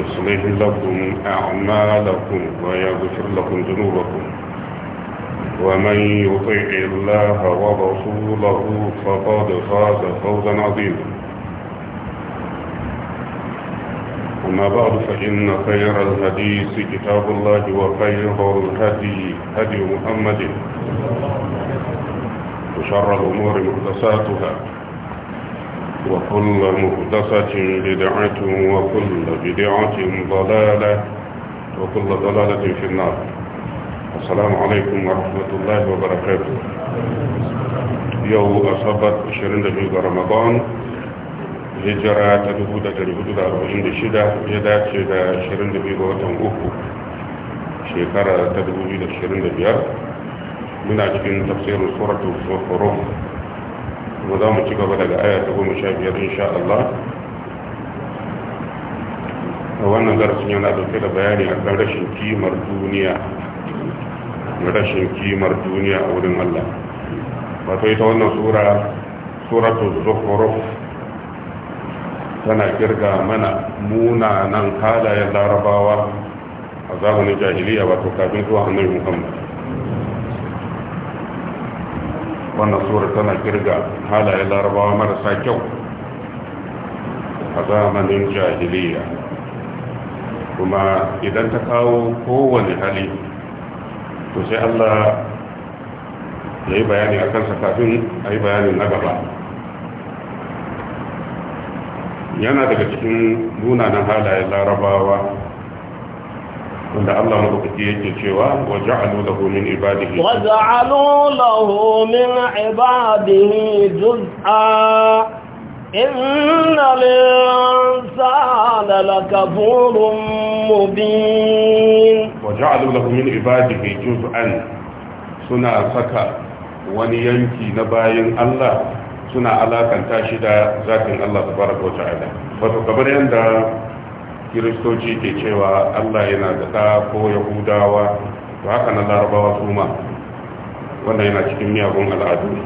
يصلح لكم أعمالكم ويغفر لكم ذنوبكم ومن يطع الله ورسوله فقد فاز فوزا عظيما أما بعد فإن خير الحديث كتاب الله وخير الهدي هدي محمد وشر الأمور محدثاتها وكل مهدفة بدعة وكل بدعة ضلالة وكل ضلالة في النار السلام عليكم ورحمة الله وبركاته يوم أصبت شرين دفوق رمضان هجرة تدهودة تدهودة رؤين دشدة يدا تدهودة شرين دفوق وطن أخو شكرة تدهودة شرين دفوق من أجل تفسير سورة الفروح kuma za mu ci gaba daga aya ta goma sha biyar insha Allah a wannan darasin yana dauke da bayani a kan rashin kimar duniya rashin kimar duniya a wurin Allah wato ita wannan sura suratul zukhruf tana kirga mana munanan halayen larabawa a zamanin jahiliya wato kafin zuwa annabi Muhammad wannan sura tana kirga halaye larabawa marasa kyau a zamanin jahiliya kuma idan ta kawo kowane hali to sai allah ya yi bayani a kansa kafin a yi bayanin na gaba yana daga cikin nunanan halayen larabawa wanda Allah madaukaki yake cewa wa ja'alu lahu min ibadihi wa ja'alu lahu min ibadihi juz'a inna linsana lakafurun mubin wa ja'alu lahu min ibadihi juz'an suna saka wani yanki na bayin Allah suna alakanta shi da zatin Allah tabaraka wa ta'ala wato kamar yanda kiristoci ke cewa Allah yana da ko yahudawa to haka na larabawa su ma wanda yana cikin miyagun al'adu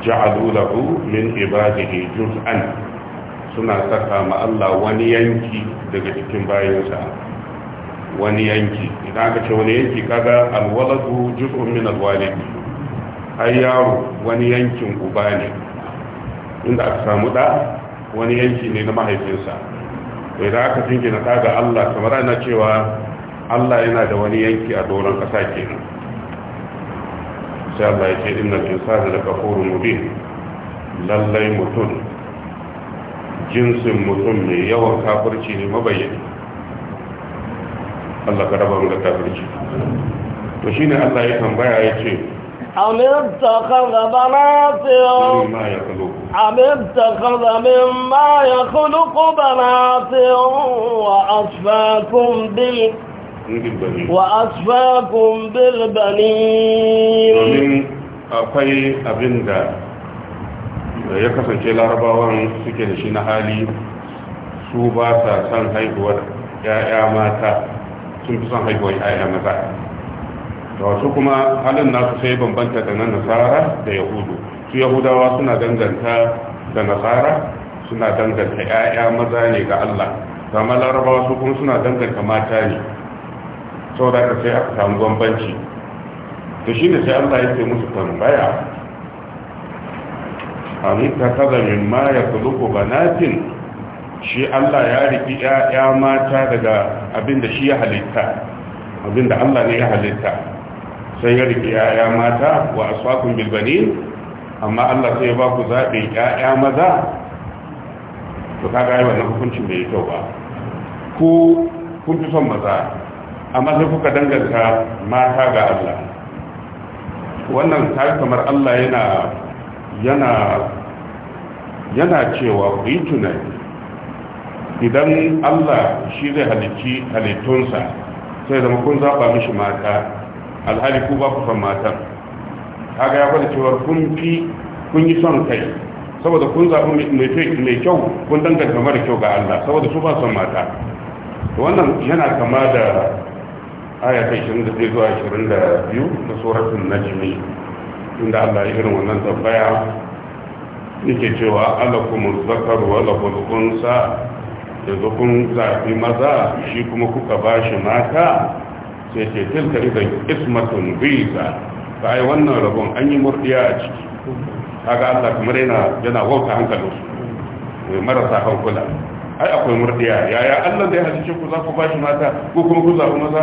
ja'alu lahu min ibadihi juz'an suna saka ma Allah wani yanki daga cikin bayansa wani yanki idan aka ce wani yanki kaga alwaladu juz'un min alwalid ai yaro wani yankin uba ne inda aka samu da wani yanki ne na mahaifinsa Mai idan aka jingina ta ga Allah kamar ana cewa Allah yana da wani yanki a doron ƙasa kenan sai Allah ya ce innal insana lakafurun mubin lallai mutum jinsin mutum mai yawan kafirci ne mabayyani Allah ka raba mu da kafirci to shine Allah ya tambaya ya ce أم اتخذ بنات أم اتخذ مما يخلق بنات وأصفاكم بال وأصفاكم بالبنين akwai abin da ya kasance larabawan suke da shi na hali su ba sa son haihuwar 'ya'ya mata sun fi son haihuwar 'ya'ya maza wasu kuma halin nasu sai bambanta da na nasara da yahudu su yahudawa suna danganta da nasara suna danganta 'ya'ya maza ne ga allah zama larabawa su kuma suna danganta mata ne sau da ka sai aka samu bambanci da shi ne sai allah ya ce musu tambaya amin ta kaza min ma ya kuluku banatin shi allah ya riki 'ya'ya mata daga abin da shi ya halitta abin da allah ne ya halitta sai ya rike yaya mata wa aswakun bilbani amma Allah sai ya ba ku zaɓe yaya maza to kaga yi wannan hukuncin da ya kyau ba ku kun fi son maza amma sai kuka danganta mata ga Allah wannan ta kamar Allah yana yana yana cewa ku yi tunani idan Allah shi zai halicci halittunsa sai zama kun zaɓa mishi mata alhali ku ba ku son matan kaga ya faɗa cewa kun fi kun yi son kai saboda kun zaɓi mai kyau kun danganta mara kyau ga Allah saboda su ba son mata wannan yana kama da aya ta 22 zuwa 22 na suratul najmi inda Allah ya irin wannan tambaya yake cewa alakum zakar wa unsa yanzu kun zafi maza shi kuma kuka ba shi mata sai ce tilka idan ismatun biza ta yi wannan rabon an yi murdiya a ciki kaga Allah kamar yana yana wauta hankalin su mai eh, marasa hankula ai akwai murdiya yaya Allah da ya halice ku za ku bashi mata ko kuma ku zaɓi maza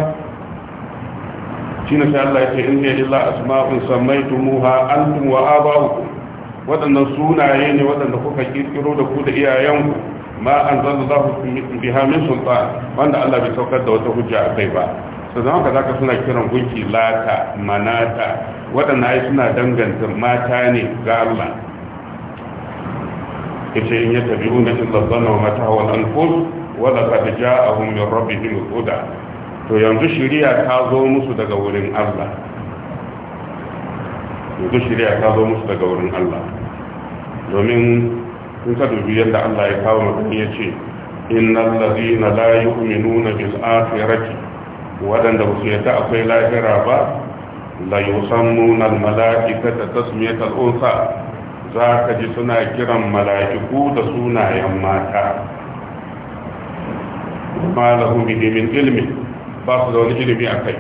shine sai Allah ya ce in hiya illa asma'un sammaytumuha antum wa aba'ukum waɗannan sunaye ne waɗanda kuka kirkiro da ku da iyayenku ma anzalallahu biha min sultan wanda Allah bai saukar da wata hujja a kai ba to zama ka zaka suna kiran gunki lata manata waɗanda ai suna danganta mata ne ga Allah yace in ya tabi unna illa dhanna wa mata wal anfus wa laqad ja'ahum min rabbihim huda to yanzu shari'a ta zo musu daga wurin Allah yanzu shari'a ta zo musu daga wurin Allah domin in ka dubi yadda Allah ya kawo magana yace innal ladina la yu'minuna bil akhirati waɗanda ba su yadda akwai lahira ba la yusannu al mala'ikata tasmiyat al unsa za ka ji suna kiran mala'iku da sunayen mata ma lahu bi min ilmi ba su da wani ilimi a kai.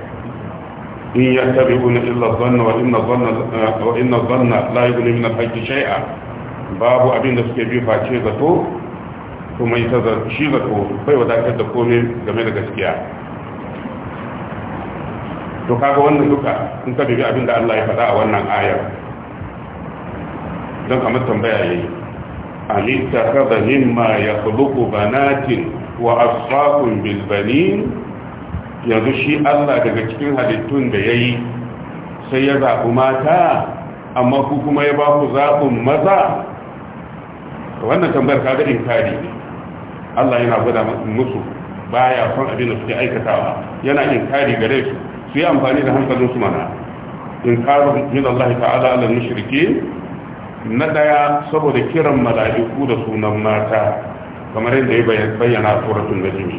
in ya illa dhanna illar inna dhanna wa inna dhanna eh, la yughni min al haqqi babu abin da suke bifa ce zato kuma ita shi zato bai wadatar da komai game da gaskiya to kaga wannan duka in ka dubi abin da Allah ya faɗa a wannan ayar don kamar tambaya yayi ta kaza mimma ya khuluqu banatin wa asfakun bil yanzu shi Allah daga cikin halittun da yayi sai ya zaɓi mata amma ku kuma ya ba ku zaɓin maza wannan tambayar kaga inkari ne Allah yana gwada musu baya son abin da suke aikatawa yana inkari gare su su yi amfani da hankalin su mana in karu min Allah ta'ala ala mushriki na daya saboda kiran mala'iku da sunan mata kamar yadda ya bayyana suratul najmi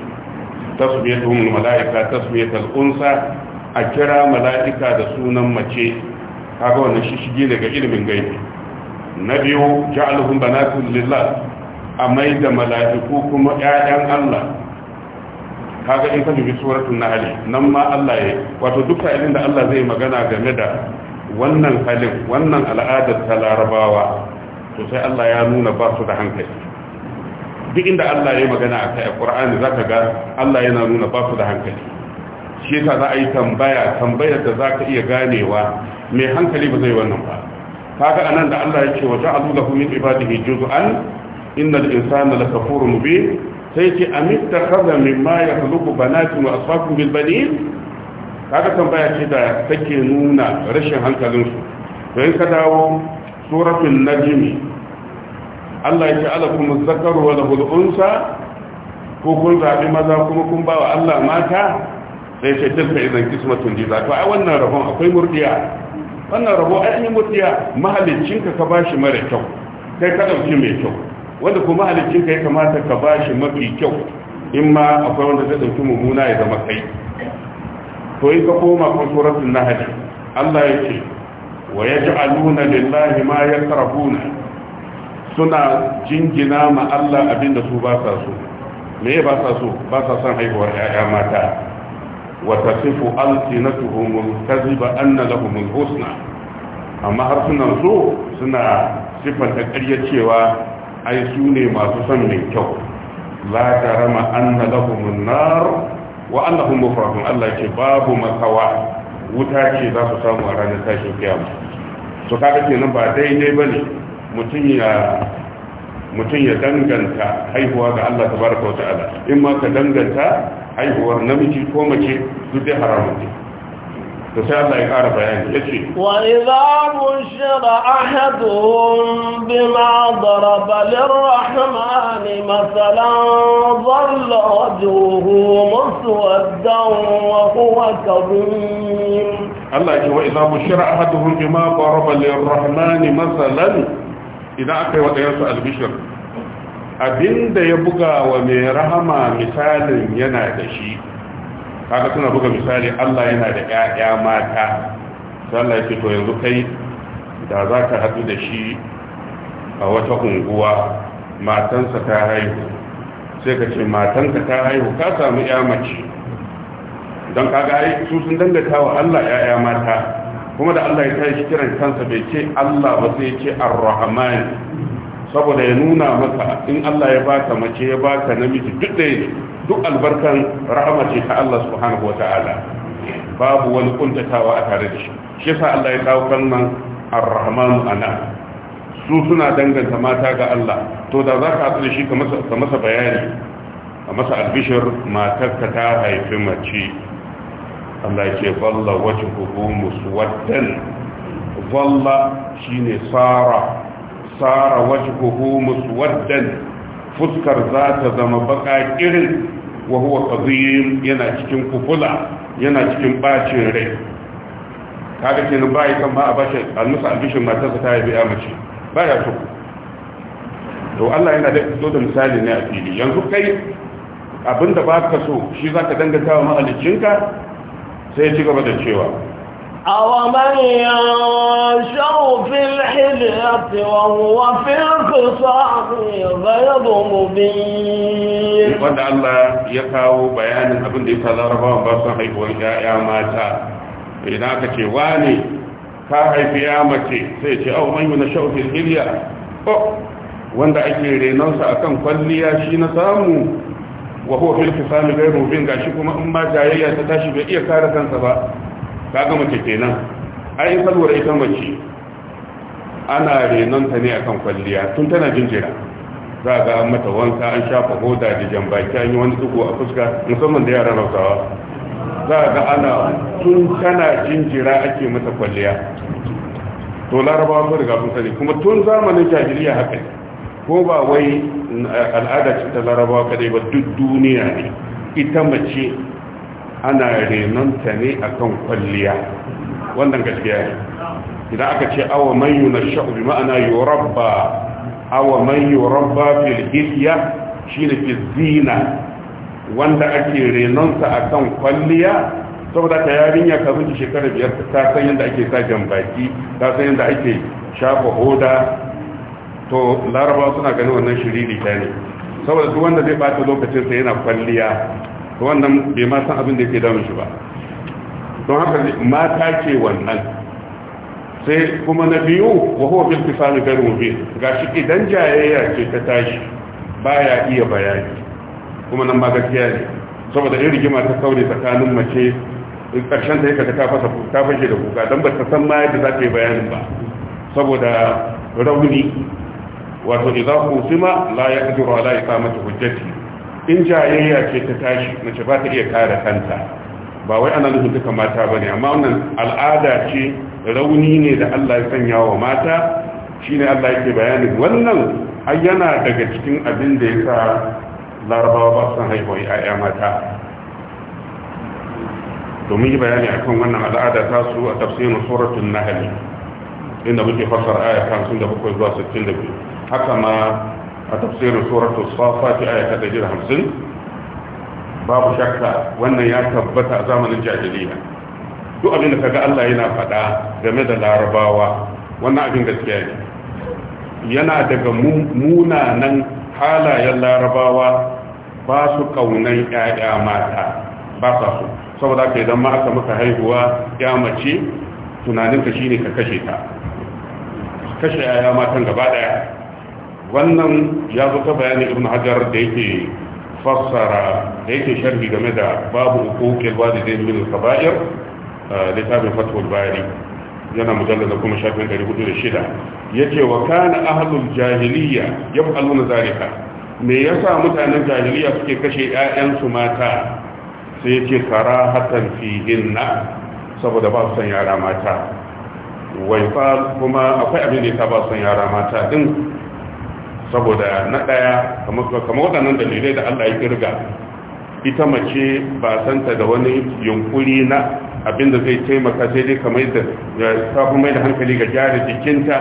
tasmiyatuhum mala'ika tasmiyatul unsa a kira mala'ika da sunan mace kaga wannan shishige daga ilimin gaibi na biyu ja'aluhum bana lillah a mai da mala'iku kuma 'ya'yan Allah kaga in ka suratun na hali, nan ma Allah ya wato duk fa'ilin da Allah zai magana game da wannan halin wannan al'adar ta larabawa to sai Allah ya nuna ba su da hankali duk inda Allah ya magana a kai a ƙur'ani za zaka ga Allah yana nuna ba su da hankali shi yasa za a yi tambaya tambayar da za ka iya ganewa mai hankali ba zai wannan ba kaga anan da Allah yake wa ja'alu lahu min ibadihi juz'an innal insana lakafurun mubin sai ce a mita kaza min ma ya halubu banatin wa asfafin bilbanin kaga tambaya ce da take nuna rashin hankalinsu don ka dawo surafin najimi Allah ya ce alakum kuma wa lahul hul'unsa. ko kun zaɓi maza kuma kun bawa Allah mata sai ce tilka idan kismatun jiza to ai wannan rabon akwai murdiya wannan rabo ai an yi murdiya mahalicin ka ka bashi mara kyau kai ka ɗauki mai kyau wanda kuma halittinka ka ya kamata ka ba shi mafi kyau in ma akwai wanda zai ɗauki mummuna ya zama kai to yi ka koma kan na nahali Allah ya ce wa ya ji aluna lillahi ma ya karafuna suna jingina ma Allah abin da su ba sa so me ya ba sa so ba sa son haihuwar ya'ya mata wa tasifu alsinatuhum alkaziba anna lahum alhusna amma harsunan su suna sifanta ƙarya cewa ai su ne masu son mai kyau la tarama anna lahumun nar wa annahum mufrahun Allah ce babu makawa wuta ce za su samu a ranar tashin kiyama to kaga kenan ba daidai bane mutum ya mutum ya danganta haihuwa ga Allah tabaraka wa ta'ala in ma ka danganta haihuwar namiji ko mace duk dai haramun to sai Allah ya ƙara bayani ya ce wa idza bushira ahaduhum bima daraba lirrahman masalan dhalla wajhuhu muswaddan wa huwa kadhim Allah ce wa idza bushira ahaduhum bima daraba masalan aka yi albishir abinda ya buga wa mai rahama misalin yana da shi kaga suna buga misali Allah yana da ƴaƴa mata sai yanzu kai da za ka haɗu da shi a wata unguwa matansa ta haihu sai ka ce matanka ta haihu ka samu ƴa mace don kaga ai su sun dangata wa Allah ƴaƴa mata kuma da Allah ya shi kiran kansa bai ce Allah ba sai ya ce Ar-Rahman saboda ya nuna maka in Allah ya baka mace ya baka namiji duk ɗaya ne duk albarkan rahama ce ta Allah subhanahu wa ta'ala babu wani kuntatawa a tare da shi shi yasa Allah ya kawo kalman ar ana su suna danganta mata ga Allah to da za ka haɗu da shi ka masa bayani a masa albishir matar ka ta haifi mace Allah ya ce balla wacce kuku muswaddan shi shine sara sara wacce kuku muswaddan fuskar za ta zama baka irin wa huwa yana cikin kufula yana cikin bacin rai Kada ke ba bai kan ba a bashi annusa albishin matarsa ta yi biya mace ya so to Allah yana da fito da misali ne a fili yanzu kai abinda ba ka so shi zaka danganta wa mahaliccinka sai ya ci gaba da cewa أومن ينشأ في الحجرة وهو في الخصام غير مبين wanda Allah ya kawo bayanin abin da yasa larabawan ba su haihuwar ƴaƴa mata idan aka ce wane ka haifi ya mace sai ce au man yuna shau fil hilya oh wanda ake renonsa akan kwalliya shi na samu wa huwa fil fisami ghayru bin gashi kuma in ma jayayya ta tashi bai iya kare kansa ba kaga mace kenan ai yi ita mace ana renon ta ne akan kwalliya tun tana jinjira za ga an mata wanka an shafa hoda da jambaki an yi wani dugo a fuska musamman da yaran rausawa za ga ana tun tana jinjira ake mata kwalliya to larabawa ko riga sun sani kuma tun zamanin jahiliya haka ko ba wai al'ada ce ta larabawa kadai ba duk duniya ne ita mace ana renonta ne akan kwalliya wannan gaskiya ne idan aka ce awa man na sha'ubi ma'ana yurabba awa man yurabba fil shi ne fi zina wanda ake renonsa akan kwalliya saboda ta yarinya ka zuci shekara biyar ta san yadda ake sa baki ta san yadda ake shafa hoda to laraba suna ganin wannan shiriri ta ne saboda duk wanda zai bata lokacinsa yana kwalliya wannan bai ma san abin da yake damun shi ba don haka mata ce wannan sai kuma na biyu wa huwa bil tisani gar mubin gashi idan jayayya ce ta tashi baya iya bayani kuma nan ma gaskiya ne saboda irin rigima ta kaure tsakanin mace karshen ta yake ta fasa ta fashe da kuka dan ba ta san ma yadda za ta yi bayanin ba saboda rauni wato idza qusima la yaqdiru ala iqamati hujjati in jayayya ce ta tashi mace ba ta iya kare kanta ba wai ana nufin duka mata ba ne amma wannan al'ada ce rauni ne da Allah ya sanya wa mata shi ne Allah yake bayani wannan ai yana daga cikin abin da ya sa larabawa ba san haihuwa ya'ya mata domin yi bayani a kan wannan al'ada ta su a tafsirin suratul nahali inda muke sun aya bakwai zuwa 62 haka ma a tafsirin suratul safat da jira hamsin? babu shakka wannan ya tabbata a zamanin jahiliya duk abin da kaga Allah yana faɗa game da larabawa wannan abin gaskiya ne yana daga munanan halayen larabawa ba su kaunan ƴaƴa mata ba sa su saboda ka idan ma muka maka haihuwa ya mace tunaninka shine ka kashe ta kashe ƴaƴa matan gaba ɗaya wannan ya zo ta bayani ibn hajar da yake fassara da yake sharhi game da babu hukukin walidain min al-kaba'ir littafin fatul bari yana mujallada kuma shafin 406 yace wa kana ahlul jahiliya yaf'aluna zarika. me yasa mutanen jahiliya suke kashe 'ya'yansu mata sai yace karahatan na, saboda ba su san yara mata wai fa kuma akwai abin da yasa ba su san yara mata din saboda na ɗaya kamar waɗannan dalilai da allah ya kirga ita mace ba santa da wani yunkuri na abinda zai taimaka sai dai kamar da ta mai da hankali ga gyara jikinta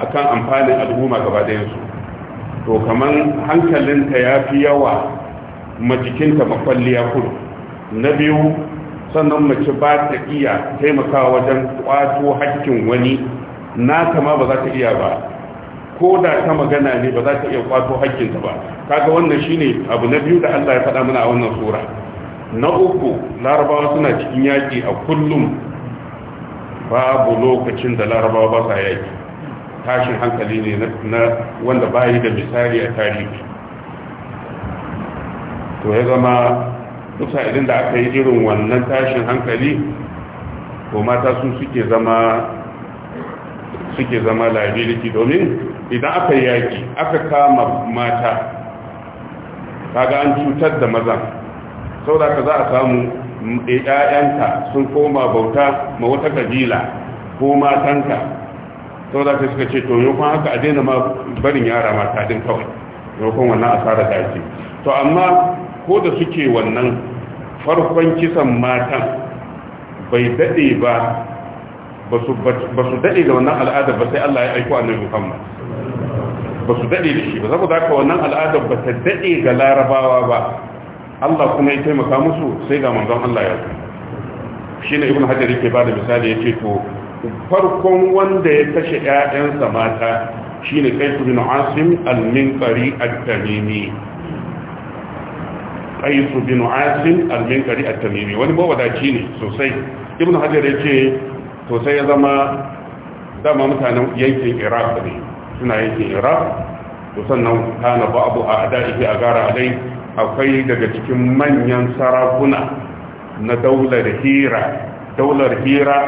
akan amfanin al'umma gaba ɗayansu to kamar hankalinta ya fi yawa ma majikinta makwalliya kudu na biyu sannan mace ba ta iya taimakawa wajen kwato hakkin wani na kama ba za ta iya ba ko da ta magana ne ba za ta iya kwato hakkinta ba kaga wannan shine abu na biyu da Allah ya faɗa mana a wannan sura na uku larabawa suna cikin yaƙi a kullum babu lokacin da larabawa ba sa yaƙi tashin hankali ne na wanda bayi da misali a tarihi to ya zama duka idan da aka yi irin wannan tashin hankali ko mata sun suke zama suke zama labiliki domin idan aka yaki aka kama mata kaga an cutar da maza da ka za a samu ɗaya'yanta sun koma bauta ma wata kabila ko matanka saboda ka suka ce to yau haka a daina ma barin yara mata din kawai yau wannan asara da ake to amma ko da suke wannan farkon kisan matan bai dade ba ba su daɗe da wannan al'adar ba sai Allah ya aiko annabi Muhammad ba su daɗe da shi ba saboda haka wannan al'adar ba ta daɗe ga larabawa ba Allah kuma ya taimaka musu sai ga manzon Allah ya shi ne ibn hajar yake ba da misali ya ce to farkon wanda ya kashe ƴaƴansa mata shine kaisu bin asim al-minqari at-tamimi kaisu bin asim al-minqari at-tamimi wani wadaci ne sosai ibn hajar ya ce to sai ya zama dama mutanen yankin iraq ne suna yankin iraq to sannan kana babu a adaihi a gara alai akwai daga cikin manyan sarakuna na daular hira daular hira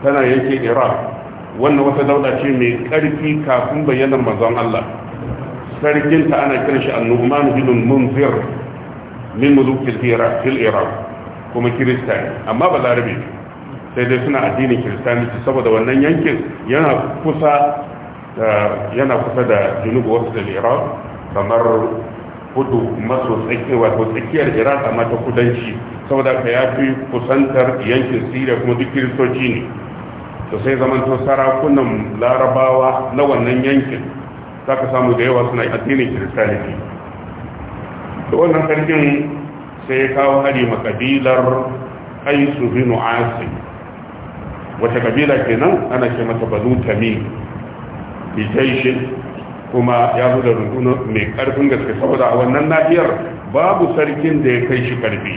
tana yankin iraq wannan wata daula ce mai karfi kafin bayyana mazan Allah sarkinta ana kiran shi annuman bin munzir min mulukil hira fil iraq kuma kiristani amma ba larabe sai dai suna addinin kiristanci saboda wannan yankin yana kusa yana kusa da junubu wasu da iran kamar hudu maso wato tsakiyar iran a mata kudanci saboda ka ya fi kusantar yankin siriya kuma duk kiristoci ne to sai to sarakunan larabawa na wannan yankin za ka samu da yawa suna addinin kiristaniki da wannan sarkin sai ya kawo hari makabilar aisu binu asim wata kabila kenan ana ce mata banu tamim fitaishin kuma ya zo da rundunar mai karfin gaske saboda a wannan nahiyar babu sarkin da ya kai shi karfi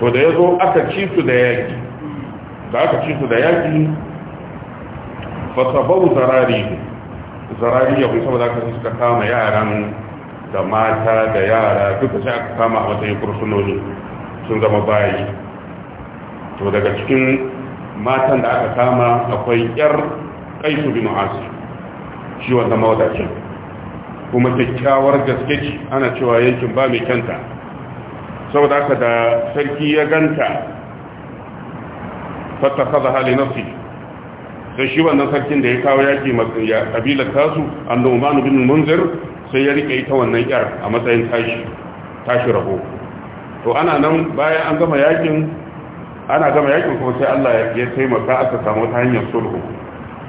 to da ya zo aka ci su da yaki da aka ci su da yaki fasabau zarari zarari ya kusa saboda aka suka kama yaran da mata da yara duka sai aka kama a matsayin kursunoni sun zama bayi to daga cikin matan da aka kama akwai yar kaisu bin asir shi wannan mawadacin kuma kyakkyawar gaske ce ana cewa yankin ba mai kyanta saboda aka da sarki ya ganta fata fada hali na fi da shi wannan sarkin da ya kawo yaki matsaya kabilar tasu annoban bin munzir sai ya rike ita wannan yar a matsayin tashi tashi to ana nan bayan an gama yakin ana gama yakin kuma sai Allah ya taimaka aka samu ta hanyar sulhu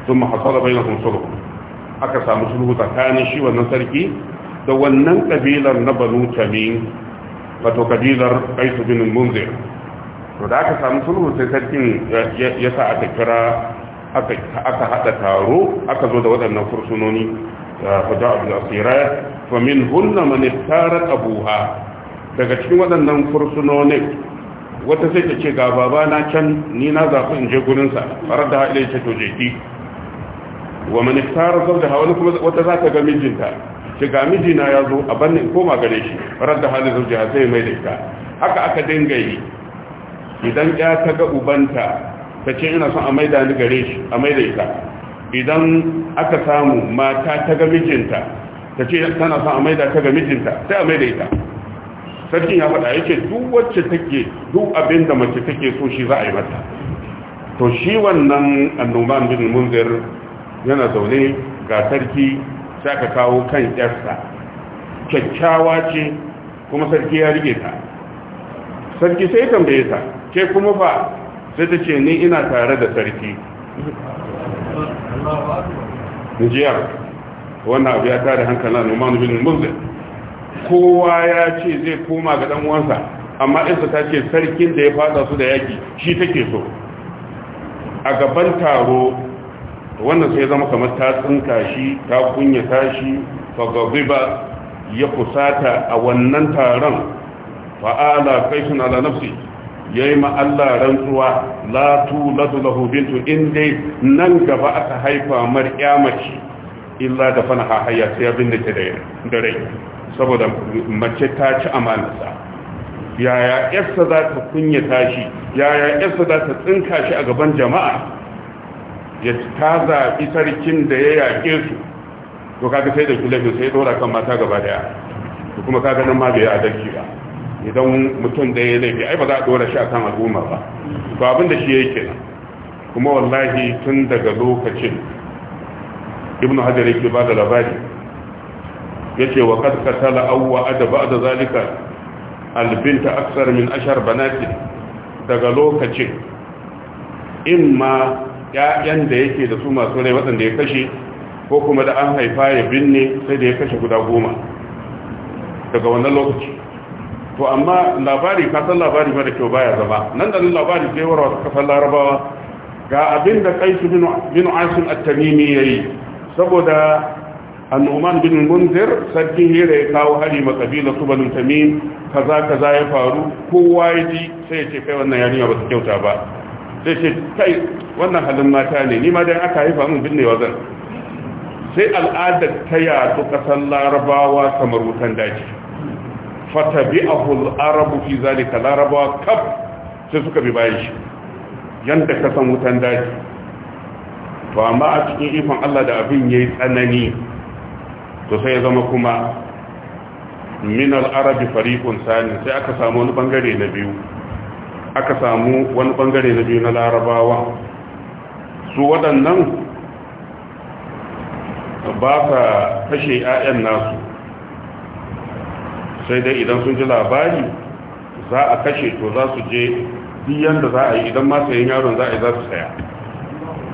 sun ثم bayan sun sulhu aka samu sulhu tsakanin shi wannan sarki da wannan kabilar na banu tamim wato kabilar qais bin munzir to da aka samu sulhu sai sarkin ya sa aka kira aka hada taro aka zo da waɗannan fursunoni hudu abu tsira fa min hunna man abuha daga cikin waɗannan fursunonin wata sai ta ce ga babana can ni na zafi in je gurinsa farar da haɗe ce to je wa man iftara zawjaha wani kuma wata za ta ga mijinta shi ga mijina ya zo a banne koma gare shi radda hali zawjaha sai mai da ita haka aka dinga yi idan ya ta ga ubanta ta ce ina son a mai da ni gare shi a mai da ita idan aka samu mata ta ga mijinta ta ce tana son a mai da ta ga mijinta sai a mai da ita sarkin ya faɗa yake duk wacce take duk abin da mace take so shi za a yi mata to shi wannan annoban bin munzir yana zaune ga sarki sai ka kawo kan yarsa kyakkyawa ce kuma sarki ya rike ta sarki sai tambaye ta ke kuma ba sai ta ce ni ina tare da sarki nijiyar wannan abu ya tare hankala numan bin muslim kowa ya ce zai koma ga dan uwansa amma isa ta ce sarkin da ya fada su da yaki shi take so a gaban taro wannan sai zama kamar ta tsinka shi ta kunya tashi fagaziba ya kusata a wannan taron fa'ala kaifin ala nafsi ya yi ma'alla rantsuwa latu latu lahu bintu in dai nan gaba aka haifa mar mace illa da fana hahaya sai abin da ke da rai saboda mace ta ci sa. yaya yarsa za ta kunya tashi yaya yarsa za ta tsinka shi a gaban jama'a ya ta zaɓi sarkin da ya yaƙe su to kaga sai da kulafin sai dora kan mata gaba daya to kuma kaga nan ma bai adalci ba idan mutum da ya laifi ai ba za a dora shi a kan al'umma ba to abin da shi yake nan kuma wallahi tun daga lokacin ibnu hajar yake ba da labari yace wa qad qatala aw ada adaba da zalika albinta aksar min ashar banatin daga lokacin in ma. Ya'yan da yake da su masu rai waɗanda ya kashe ko kuma da an haifa ya binne sai da ya kashe guda goma daga wannan lokaci to amma labari ka labari ba da kyau baya zama nan da labari sai warwa suka san larabawa ga abin da kaisu bin asim at-tamimi yayi saboda annuman bin munzir sarkin hira ya kawo hari ma kabila su banu tamim kaza kaza ya faru kowa ya ji sai ya ce kai wannan yarinya ba su kyauta ba sai ce kai wannan halin mata ne ni ma dai aka haifa min binnewa zan sai al'adar ta yadu kasar larabawa kamar wutan daji a al-arabu fi zalika larabawa kaf sai suka bi bayan shi yanda kasan wutan daji to amma a cikin ifan Allah da abin ya yi tsanani to sai ya zama kuma min al'arabi arabi fariqun sani sai aka samu wani bangare na biyu aka samu wani bangare na biyu na larabawa su waɗannan ba ka kashe 'ya'yan nasu sai dai idan sun ji labari za a kashe to za su je biyan da za a yi idan ma sayan yaron za a yi za su saya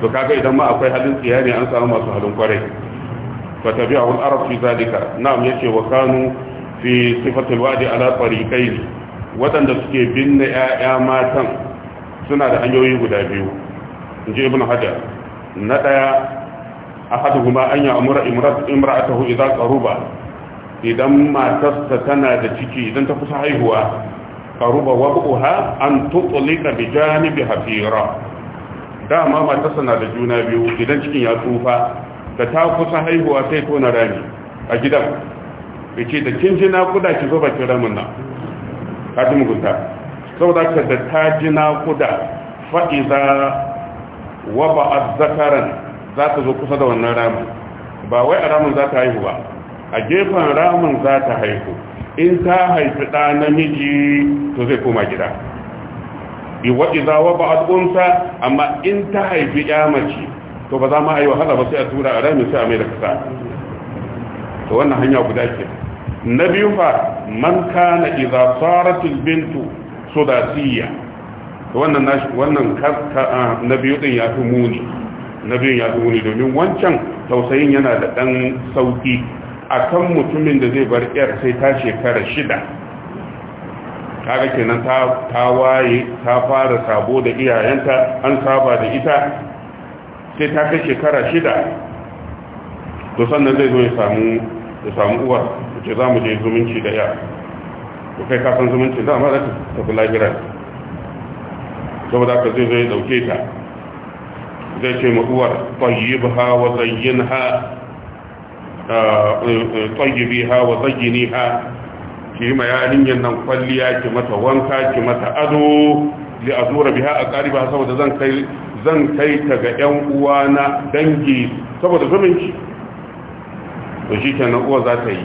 to kaga idan ma akwai halin ne an samu masu halin kwarai ta biya arab arafi zalika na'am yace wa kanu fi sifatil wadi ala ne. waɗanda suke binne 'ya'ya matan suna da hanyoyi guda biyu in ji ibn hajar na ɗaya a haɗu kuma an yi amura imra'atahu idan ƙaruba idan matarsa tana da ciki idan ta kusa haihuwa ƙaruba ha, an tuƙulika bi janibi hafira dama matarsa na da juna biyu idan cikin ya tsufa da ta kusa haihuwa sai tona rami a gidan da ce da kin ji naƙuda ki zo bakin ramin nan kaji mugunta saboda ka da ta ji naƙuda fa'iza ba a zakaran za ta zo kusa da wannan ramin ba wai a ramin za ta haihu ba a gefen ramin za ta haihu in ta haifi ɗa namiji to zai koma gida bi wa'iza waba a tsunsa amma in ta haifi ya mace to ba za ma a yi wahala ba sai a tura a ramin sai a mai da kasa to wannan hanya guda ke na biyu fa man kana idza saratil bintu sudasiya wannan wannan ah, na biyu din ya fi muni na biyun ya fi muni domin wancan tausayin yana da dan sauki akan mutumin da zai bar yar sai ta shekara shida kaga kenan ta ta waye ta fara sabo da iyayenta an saba da ita sai ta kai shekara shida to sannan zai zo ya samu ya samu uwar ce za mu je zumunci da ya Ku kai kafin zumunci za ma za ta tafi lahira saboda ka zai zai dauke ta zai ce ma'uwar ha wa ah, eh, eh, tsayyini ha, ki yi ma yarinyar nan kwalliya ki mata wanka ki mata ado li zura biya a ba saboda zan kai zan kai ta ga 'yan uwa na dangi saboda zumunci to shi kenan uwa za ta yi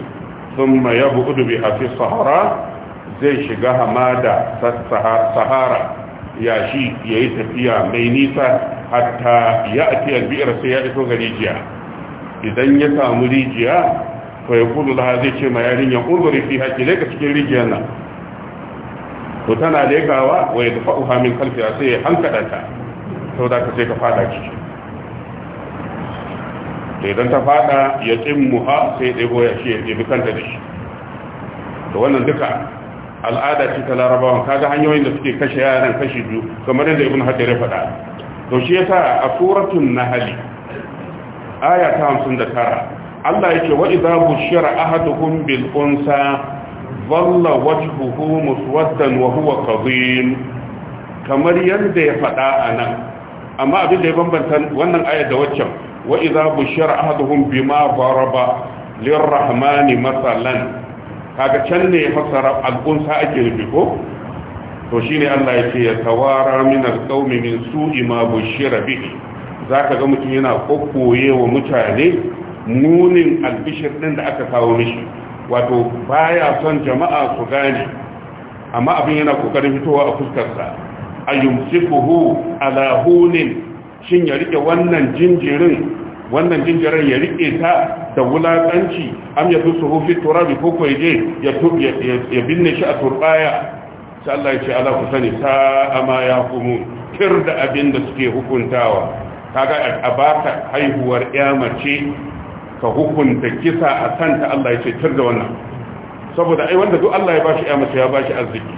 thumma yabudu biha fi sahara zai shiga hamada sahara yashi yayi tafiya mai nisa hatta ya'ti al sai ya iso ga rijiya idan ya samu rijiya fa Kudu laha zai ce ma yarinya uzuri fi haƙi leka cikin rijiyar nan to tana lekawa wa yadfa'uha min khalfiha sai ya hankaɗa ta da ka sai ka fada ciki da idan ta fada ya muha sai ɗebo ya shi ya ɗebi kanta da shi da wannan duka al'ada ce ta larabawan kaga hanyoyin da suke kashe yaran kashi biyu kamar yadda ibn hajar ya faɗa to shi yasa a suratul nahl aya ta tara. Allah yake wa idza bushira ahaduhum bil unsa dhalla wajhuhu muswaddan wa huwa kadhim kamar yadda ya faɗa a nan. amma abin da ya bambanta wannan aya da waccan wa'iza bushiyar bushira ahaduhum bima daraba lirrahmani masalan kaga can ne fasara al'unsa ake nufi ko to shine Allah yake ya tawara min alqaumi min su'i ma bushira bihi zaka ga mutum yana kokkoye wa mutane munin albishir ɗin da aka kawo mishi wato baya son jama'a su gane amma abin yana kokarin fitowa a fuskarsa sa ayyumsikuhu alahunin shin ya rike wannan jinjirin wannan jinjirin ya rike ta da wulakanci am ya tusuhu fi turabi ko ko je ya ya binne shi a turbaya sai Allah ya ce ala ku sani ta ama ya kumu kir da abin da suke hukuntawa kaga a baka haihuwar ya mace ka hukunta kisa a kanta Allah ya ce kir da wannan saboda ai wanda duk Allah ya bashi ya mace ya bashi arziki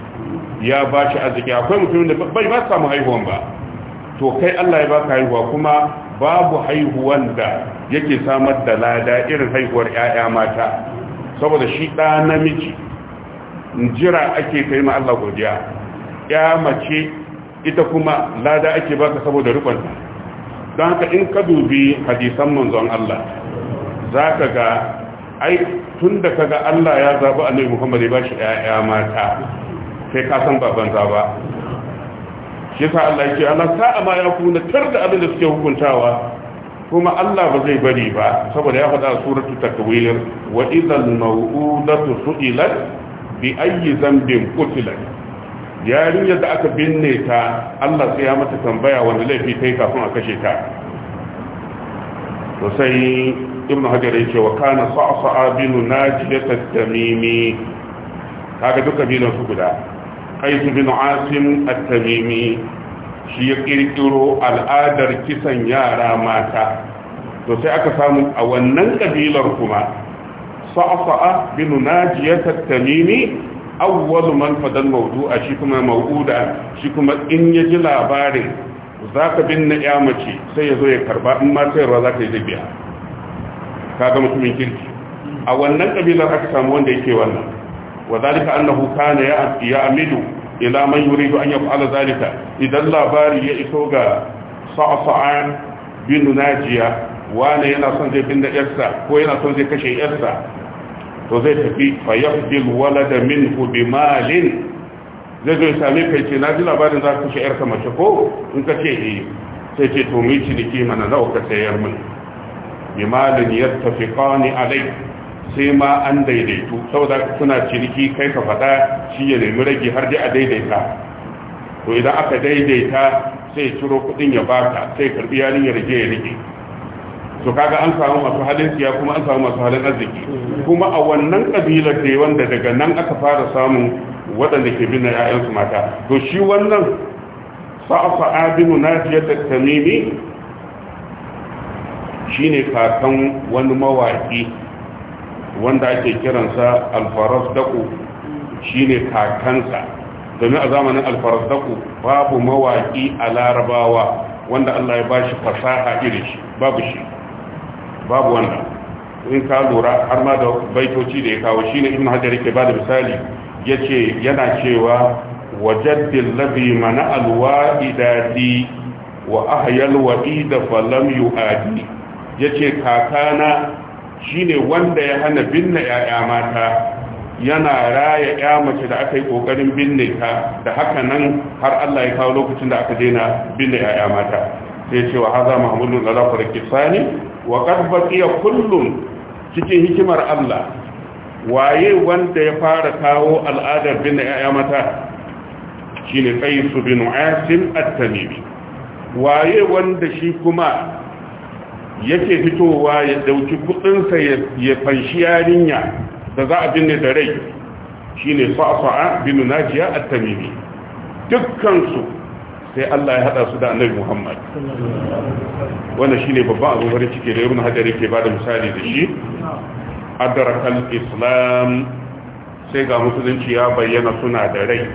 ya bashi arziki akwai mutumin da bai ba samu haihuwan ba to kai Allah ya baka haihuwa kuma babu haihuwan da yake samar da lada irin haihuwar 'ya'ya mata saboda shi ɗa namiji jira ake kai ma Allah godiya ƴa mace ita kuma lada ake baka saboda rukunta don haka in ka dubi hadisan manzon Allah za ka ga ai tun da ka ga Allah ya zaɓi annabi Muhammad ya ba shi ƴaƴa mata sai ka san baban zaba. ba shi yasa Allah yake Allah sa'a ma ya kuna tar da abin da suke hukuntawa kuma Allah ba zai bari ba saboda ya faɗa suratu takwir wa idhal maw'udatu su'ilat bi ayyi dhanbin qutilat yarinyar da aka binne ta Allah sai ya mata tambaya wanda laifi ta yi kafin a kashe ta to sai ibn hajar ya ce wa kana sa'sa'a bin najiyat tamimi kaga duka bilan su guda qais bin asim at-tamimi shi ya ƙirƙiro al'adar kisan yara mata to sai aka samu a wannan kabilar kuma sa'sa'a bin najiyat at-tamimi awwalu man fadan a shi kuma mawdu'a shi kuma in ya ji labarin ka binne ya mace sai ya zo ya karba in ma za zaka yi biya kaga mutumin kirki a wannan kabilar aka samu wanda yake wannan wa zalika annahu kana ya'midu ila man yuridu an yaf'ala zalika idan labari ya iso ga sa'sa'an bin najiya wani yana son zai binne yarsa ko yana son zai kashe yarsa to zai tafi fa yafdil walada minhu bi malin zai zo same kai ce na ji labarin za ka kashe yarka mace ko in ka ce eh sai ce to mu ciniki mana nawa ka sayar min bi malin yattafiqani alai sai ma an daidaitu saboda suna ciniki kai ka faɗa shi ya nemi rage har dai a daidaita to idan aka daidaita sai ciro kuɗin ya baka sai karbi yarin ya rage ya rage to kaga an samu masu halin siya kuma an samu masu halin arziki kuma a wannan kabilar da wanda daga nan aka fara samun waɗanda ke bin su mata to shi wannan sa'afa abinu da tamimi shine kakan wani mawaki wanda ake kiransa alfarasdaku ne kakansa domin a zamanin alfarasdaku babu mawaƙi a larabawa wanda Allah ya bashi fasaha irin shi babu shi babu wanda in ka lura har ma da baitoci da ya kawo shine ibn hajar yake bada misali yace yana cewa wajaddin labi mana alwaidati wa da wa'ida falam yuadi yace kakana shine wanda ya hana binne ya'ya mata yana raya ya mace da aka yi kokarin binne ta da haka nan har Allah ya kawo lokacin da aka daina binne ya'ya mata sai ce wa haza mahmudun zafar farkisani wa qad baqiya kullun cikin hikimar Allah waye wanda ya fara kawo al'adar binne ya'ya mata shine qais bin asim at-tamimi waye wanda shi kuma yake fitowa ya dauki kudinsa ya fanshi yarinya da za a binne da rai shine sa'sa'a bin najiya attamimi tamimi dukkan sai Allah ya hada su da Annabi Muhammad wannan shine babban abin farin ciki da Ibn ke ba bada misali da shi adrakal islam sai ga musulunci ya bayyana suna da rai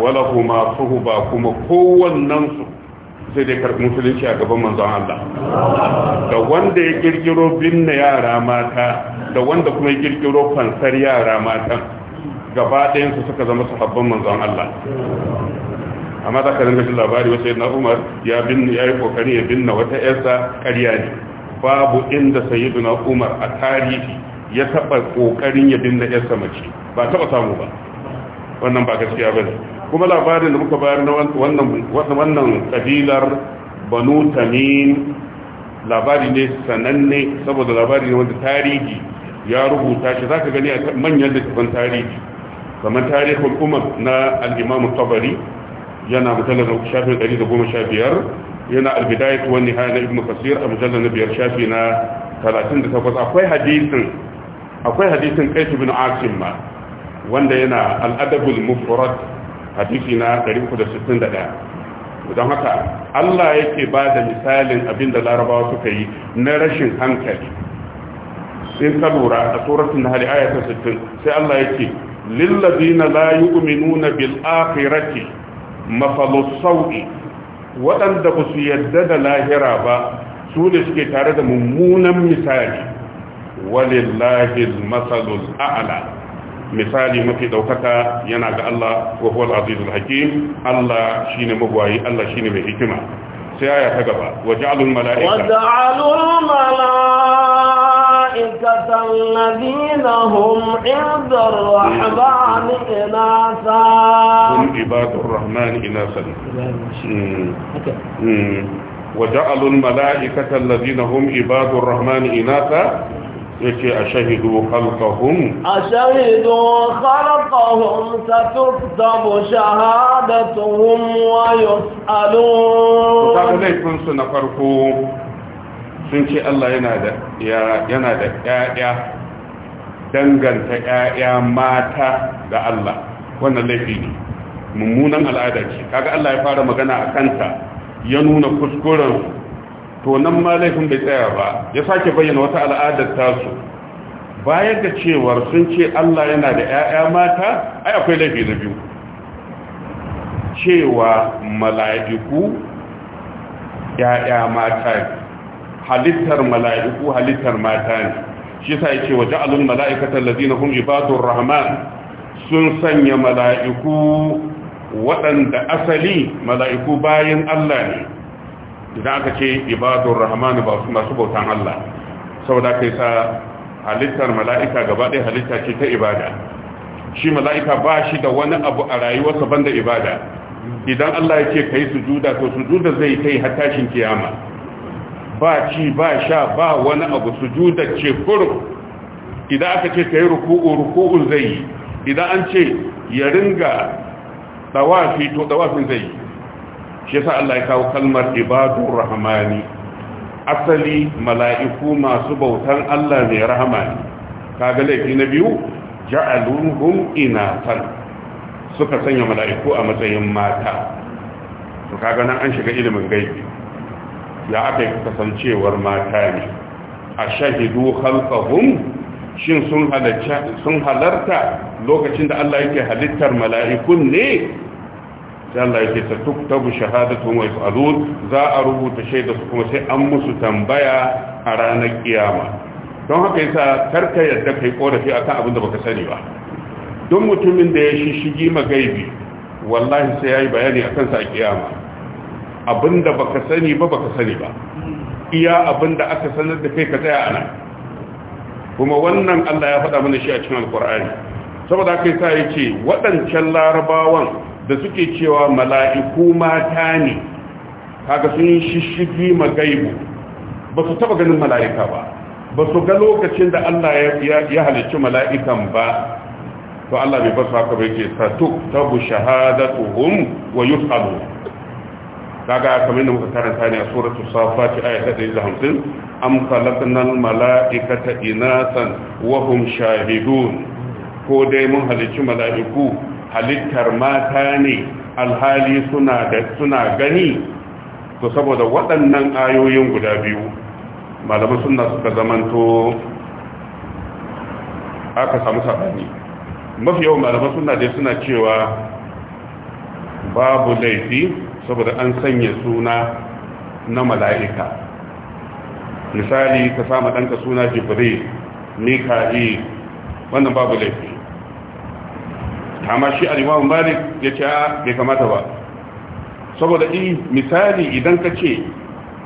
wala kuma ba kuma kowannen sai dai karɓi musulunci a gaban manzon Allah da wanda ya kirkiro binne yara mata da wanda kuma ya kirkiro fansar yara mata, gaba su suka zama su sahabban manzon Allah amma za ka dinga shi labari wasu yana umar ya binne yi kokari ya binne wata yarsa ƙarya ne babu inda sayyiduna umar a tarihi ya taɓa kokarin ya binne yarsa mace ba taɓa samu ba wannan ba gaskiya ba ne kuma labarin da muka bayar na wannan kabilar banu tamim labari ne sananne saboda labari ne wanda tarihi ya rubuta shi za ka gani a manyan littafin tarihi kamar tarihul umar na al'imamu tabari yana mutane da shafin 115 yana albidayat wani haya na ibn kasir a mujallar na biyar shafi na 38 akwai hadisin akwai hadisin kai kaitu bin asim ma wanda yana al'adabul a hadisi na 361 don haka Allah yake ba da misalin abinda larabawa suka yi na rashin hankali in ka lura a tsoratun na hali ayata 60 sai Allah yake lillazina la yu'minuna bil akhirati mafalus sawi waɗanda ba su yadda da lahira ba su ne suke tare da mummunan misali walillahi masalul a'ala misali mafi daukaka yana ga Allah wa huwa azizul hakim Allah shine magwayi Allah shine mai hikima sai aya ta gaba waja'alul mala'ika wa waja'alul mala'ikata alladhina hum 'inda ar-rahman inasa hum ibadur rahman inasa وجعلوا الملائكة الذين هم عباد الرحمن إناثا yace a shahidu khalqahum a shahidu khalqahum satuktabu shahadatuhum wa yus'alun kaga laifin su na farko sun ce Allah yana da yana da ƴaƴa danganta ƴaƴa mata da Allah wannan laifi ne mummunan al'ada ce kaga Allah ya fara magana a kanta ya nuna kuskuren to nan ma laifin bai tsaya ba ya sake bayyana wata al'adar tasu Bayan ga cewar sun ce Allah yana da ‘ya'ya mata ai akwai laifi na biyu cewa mala'iku ‘ya'ya mata ne halittar mala'iku halittar mata ne shi sa yake waje ja'alun malaikatan Ladina hun ibadun rahman sun sanya mala'iku waɗanda asali mala'iku bayan Allah ne idan aka ce ibadur rahman ba su masu bautan Allah saboda kai sa halittar mala'ika gaba ɗaya halitta ce ta ibada shi mala'ika ba shi da wani abu a rayuwarsa banda ibada idan Allah ya ce kai sujuda to sujuda zai kai har kiyama ba ci ba sha ba wani abu sujuda ce kurum idan aka ce kai ruku'u ruku'u zai yi idan an ce ya ringa dawafi to zai yi shi yasa Allah ya kawo kalmar ibadun rahmani asali mala'iku masu bautan Allah ne rahmani kaga laifi na biyu ja'aluhum inatan suka sanya mala'iku a matsayin mata to kaga nan an shiga ilimin gaibi ya aka kasancewar mata ne a shahidu khalqahum shin sun halarta lokacin da Allah yake halittar mala'ikun ne Allah yake ta tuktabu shahadatu wa yaf'alun za a rubuta shaida su kuma sai an musu tambaya a ranar kiyama don haka yasa karka yadda kai korafi akan abin da baka sani ba don mutumin da ya shishigi magaibi wallahi sai yayi bayani akan sa a kiyama abin da baka sani ba baka sani ba iya abin da aka sanar da kai ka tsaya nan. kuma wannan Allah ya faɗa mana shi a cikin alkur'ani saboda haka yasa yake waɗancan larabawan da suke cewa mala'iku mata ne kaga sun shishigi magaibu ba su taba ganin mala'ika ba ba su ga lokacin da Allah ya halicci mala'ikan ba to Allah bai basu haka bai ke satuk tabu shahadatuhum wa yus'alu kaga kamar da muka karanta ne a suratul safat aya ta 150 am khalaqnal mala'ikata inasan wa hum shahidun ko dai mun halicci mala'iku halittar mata ne alhali suna da suna gani to saboda waɗannan ayoyin guda biyu malaman sunna suka zamanto aka samu sabani mafi yawan malaman sunna dai suna cewa babu laifi saboda an sanya suna na mala'ika misali ka sama ɗanka suna jibril mika'il wannan babu laifi amma shi al malik ya ce bai kamata ba saboda in misali idan ka ce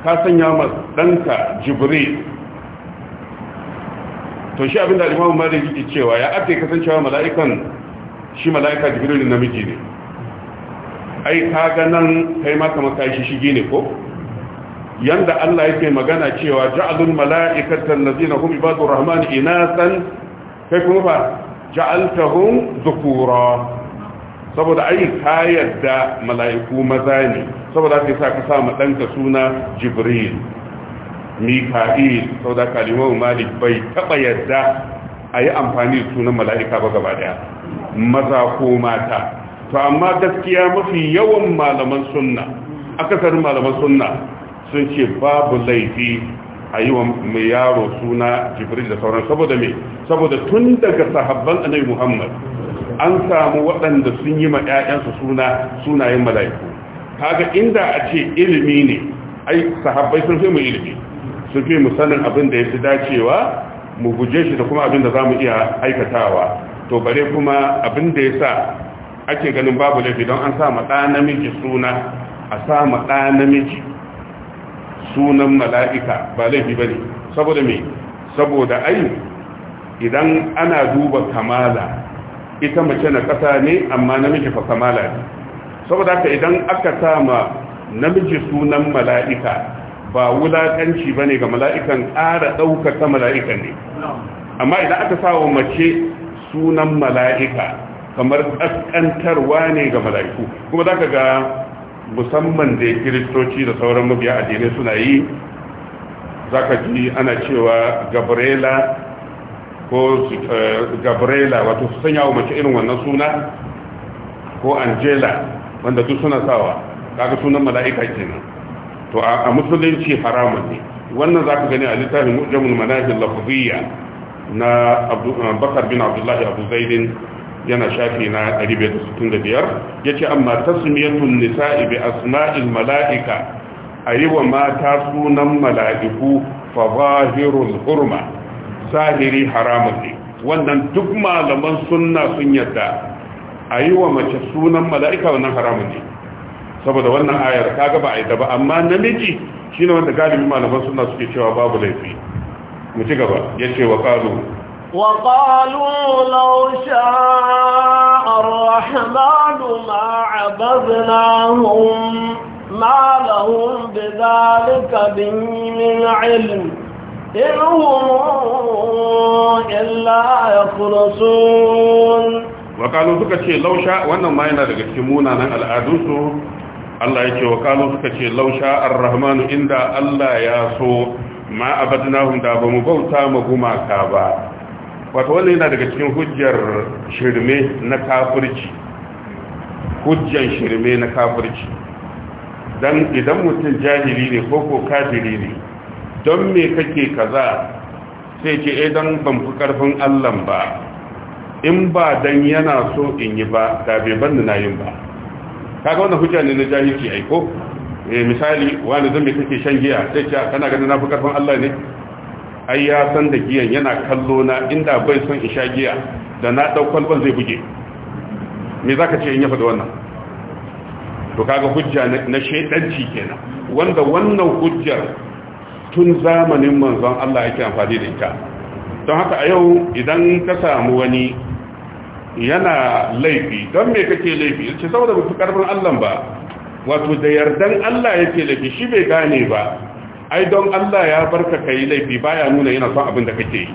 ka sanya ma danka jibril to shi abinda al malik yake cewa ya ake kasancewa mala'ikan shi mala'ika jibril namiji ne ai ka nan kai ma kamar kai shi shige ne ko yanda Allah yake magana cewa ja'alul mala'ikatan lazina hum ibadur rahman inasan kai kuma fa ja'altahum dhukura saboda ai ka yadda mala'iku maza ne saboda ka sa ka sa ma danka suna jibril mika'il saboda kalimar malik bai taba yadda ayi amfani da sunan mala'ika ba gaba daya maza ko mata to amma gaskiya mafi yawan malaman sunna akasarin malaman sunna sun ce babu laifi a yi wa mai yaro suna jibril da sauran saboda me saboda tun daga sahabban annabi muhammad an samu waɗanda sun yi ma 'ya'yansu suna sunayen mala'iku kaga inda a ce ilimi ne ai sahabbai sun fi mu ilimi sun fi mu sanin abin da ya fi dacewa mu guje shi da kuma abin da za mu iya aikatawa to bare kuma abin da ya sa ake ganin babu laifi don an sa ma ɗa namiji suna a sa ma ɗa namiji sunan mala'ika ba laifi ba ne saboda me saboda ai idan ana duba kamala ita mace na ƙasa ne amma namiji fa kamala ne saboda haka idan aka sama namiji sunan mala'ika ba wulaƙanci ba ne ga mala'ikan ƙara ɗaukata mala'ikan ne amma idan aka sawa mace sunan mala'ika kamar ƙasƙantarwa ne ga mala'iku kuma za ka ga musamman da kiristoci da sauran mabiya addinai suna yi zaka ji ana cewa gabriela ko eh, gabriela wato su sanya wa mace irin wannan suna ko angela wanda duk suna sawa kaga sunan mala'ika kenan to a musulunci haramun ne wannan zaka gani a littafin mujamul manahil lafziyya na bakar bin abdullahi abu zaidin yana shafi na 565 yace amma tasmiyatun nisa'i bi asma'il mala'ika ayiwa mata sunan mala'iku fa hurma zahiri haramun ne wannan duk malaman sunna sun yadda ayiwa mace sunan mala'ika wannan haramun ne saboda wannan ayar kaga ba a yi ba amma namiji shine wanda galibin malaman sunna suke cewa babu laifi mu ci gaba yace wa qalu وقالوا لو شاء الرحمن ما عبدناهم ما لهم بذلك من علم إن إلا يخرصون وقالوا suka ce lausha wannan ma yana daga cikin munanan al'adunsu Allah ya ce wakalu suka ce lausha ar-rahmanu inda Allah ya so ma abadnahum da bamu bauta ma gumaka ba wato wannan yana daga cikin hujjar shirme na kafirci Hujjar shirme na kafirci dan idan mutum jahili ne ko ko kafiri ne don me kake kaza sai ce eh dan ban fi karfin Allah ba in ba dan yana so in yi ba da bai ban na yin ba kaga wannan hujja ne na jahilci ai ko eh misali wani zan me kake shan giya sai ce ah, kana ganin na fi karfin Allah ne ai ya san da giyan yana kallo na inda bai son isha giya da na dau kwalban zai buge me zaka ce in ya fada wannan to kaga hujja na shedanci kenan wanda wannan hujjar tun zamanin manzon Allah yake amfani da ita don haka a yau idan ka samu wani yana laifi don me kake laifi ce saboda ba karfin Allah ba wato da yardan Allah yake laifi shi bai gane ba ai don Allah ya barka kai laifi baya nuna yana son abin da kake yi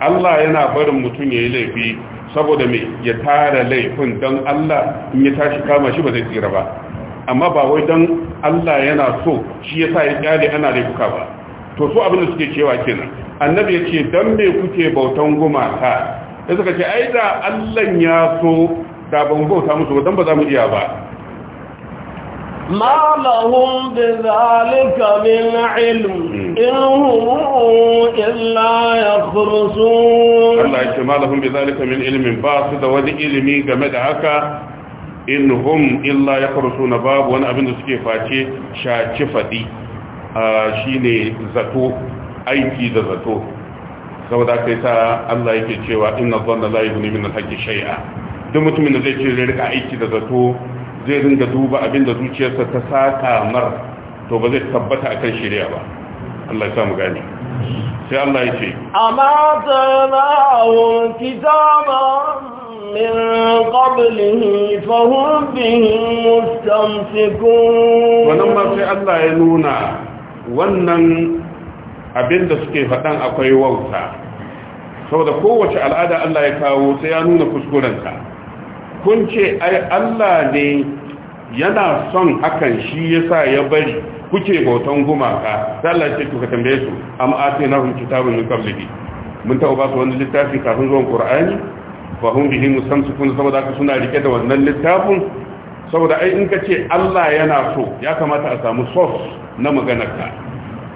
Allah yana barin mutum yayi laifi saboda me ya tara laifin don Allah in ya tashi kama shi ba zai tsira ba amma ba wai don Allah yana so shi yasa ya kyale ana laifuka ba to so abin da suke cewa kenan annabi ya ce don me kuke bautan gumata? Ya suka ce ai da Allah ya so da ban bauta musu ba don ba za mu iya ba ما لهم بذلك من علم إن هم إلا يخرصون الله يقول ما لهم بذلك من علم باسد ودي علمي قمد عكا إن هم إلا يخرصون باب وانا أبن سكي فاتي شاكي فدي شيني زتو أيكي دا زتو سوى ذاك يسا الله يكي cewa inna dhanna la yughni min al-haqqi shay'a duk mutumin da zai ce zai rika aiki da zato zai ringa duba abinda zuciyarsa ta saka mar to ba zai tabbata akan shirya ba Allah ya samu gani sai Allah ya ce amata la'u kitaban من قبله فهم به مستمسكون ولما Allah ya nuna wannan abin da suke faɗan akwai wauta saboda kowace al'ada Allah ya kawo sai ya nuna kuskurenta kun ce ai Allah ne yana son hakan shi yasa ya bari kuke bautan gumaka sai Allah ce ka tambaye su am atainahum kitabun min qablihi mun taɓa ba su wani littafi kafin zuwan qur'ani fa hum bihi musamsikun saboda haka suna rike da wannan littafin saboda ai in ka ce Allah yana so ya kamata a samu source na maganar ka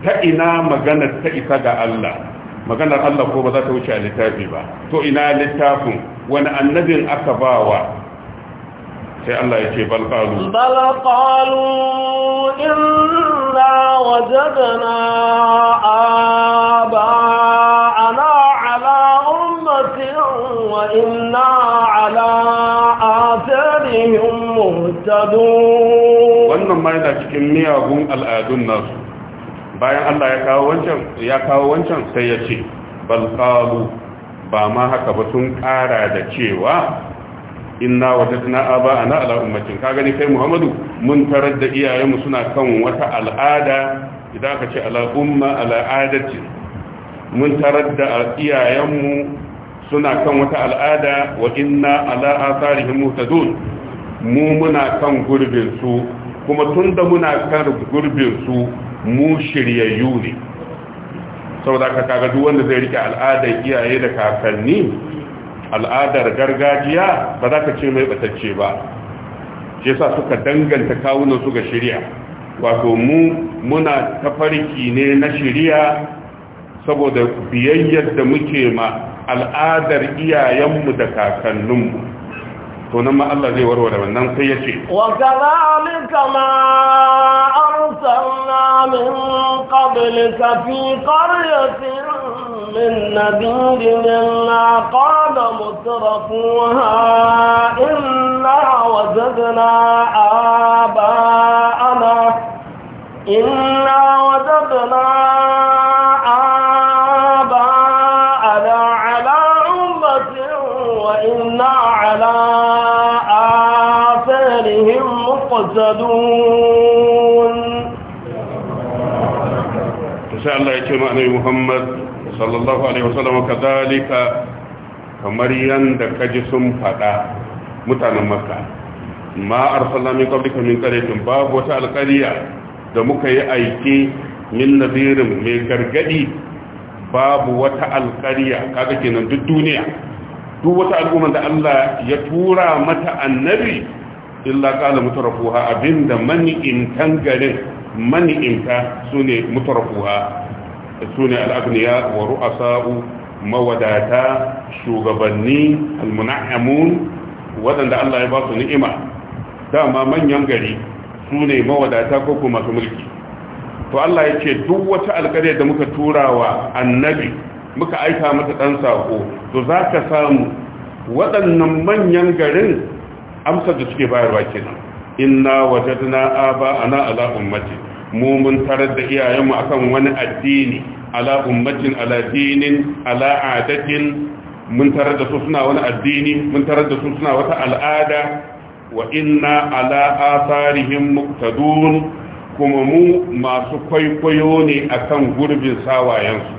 ta ina maganar ta isa ga Allah maganar Allah ko ba za ta wuce a littafi ba to ina littafin wani annabin aka bawa sai Allah ya ce balƙalu. Balƙalu bal qalu inna wajadna ana ala ummatin wa inna ala atharihim wannan ma yana cikin miyagun al'adun nasu bayan Allah ya kawo wancan ya kawo wancan sai ya ce bal qalu ba ma haka ba sun ƙara da cewa inna wajadna aba'ana ala ummatin ka gani kai Muhammadu mun tarar da iyayenmu suna kan wata al'ada idan aka ce ala umma ala adati mun tarar da iyayenmu suna kan wata al'ada wa inna ala atharihim mutadun mu muna kan gurbin su kuma tunda muna kan gurbin su mu shiryayyu ne saboda ka kaga duk wanda zai rike al'adar iyaye da kakanni al'adar gargajiya ba za ka ce mai batacce ba shi yasa suka danganta kawunan su ga shari'a wato mu muna tafarki ne na shirya saboda biyayyar da muke ma al'adar iyayenmu da kakanninmu to nan ma Allah zai warware wannan sai ya ce wa kadhalika ma أرسلنا من قبلك في قرية من نذير إلا قال مترفوها إنا وجدنا آباءنا إنا وجدنا آباءنا على أمة وإنا على آثارهم مقتدون ce ma Muhammad sallallahu alaihi wasallam kadalika kamar yanda kaji sun faɗa mutanen Makka ma arsalna min qablika min qaryatin babu wata alqariya da muka yi aiki min nadirin mai gargadi babu wata alqariya kaga kenan duk duniya duk wata al'umma da Allah ya tura mata annabi illa qala mutarafuha abinda mani in tangarin mani'inta sune ne mutarafuwa su ne al'agniya wa ru'asa'u mawadata shugabanni almunahamun waɗanda Allah ya ba su ni'ima dama manyan gari sune mawadata ko kuma masu mulki to Allah ya ce duk wata alƙarya da muka tura wa annabi muka aika mata ɗan saƙo to za ka samu waɗannan manyan garin amsar da suke bayarwa kenan inna wajadna aba ana ala ummati mu mun tarar da iyayenmu akan wani addini ala ummatin ala dinin ala adatin mun tarar da su suna wani addini mun tarar da su suna wata al'ada wa inna ala asarihim muqtadun kuma mu masu kwaikwayo ne akan gurbin sawayensu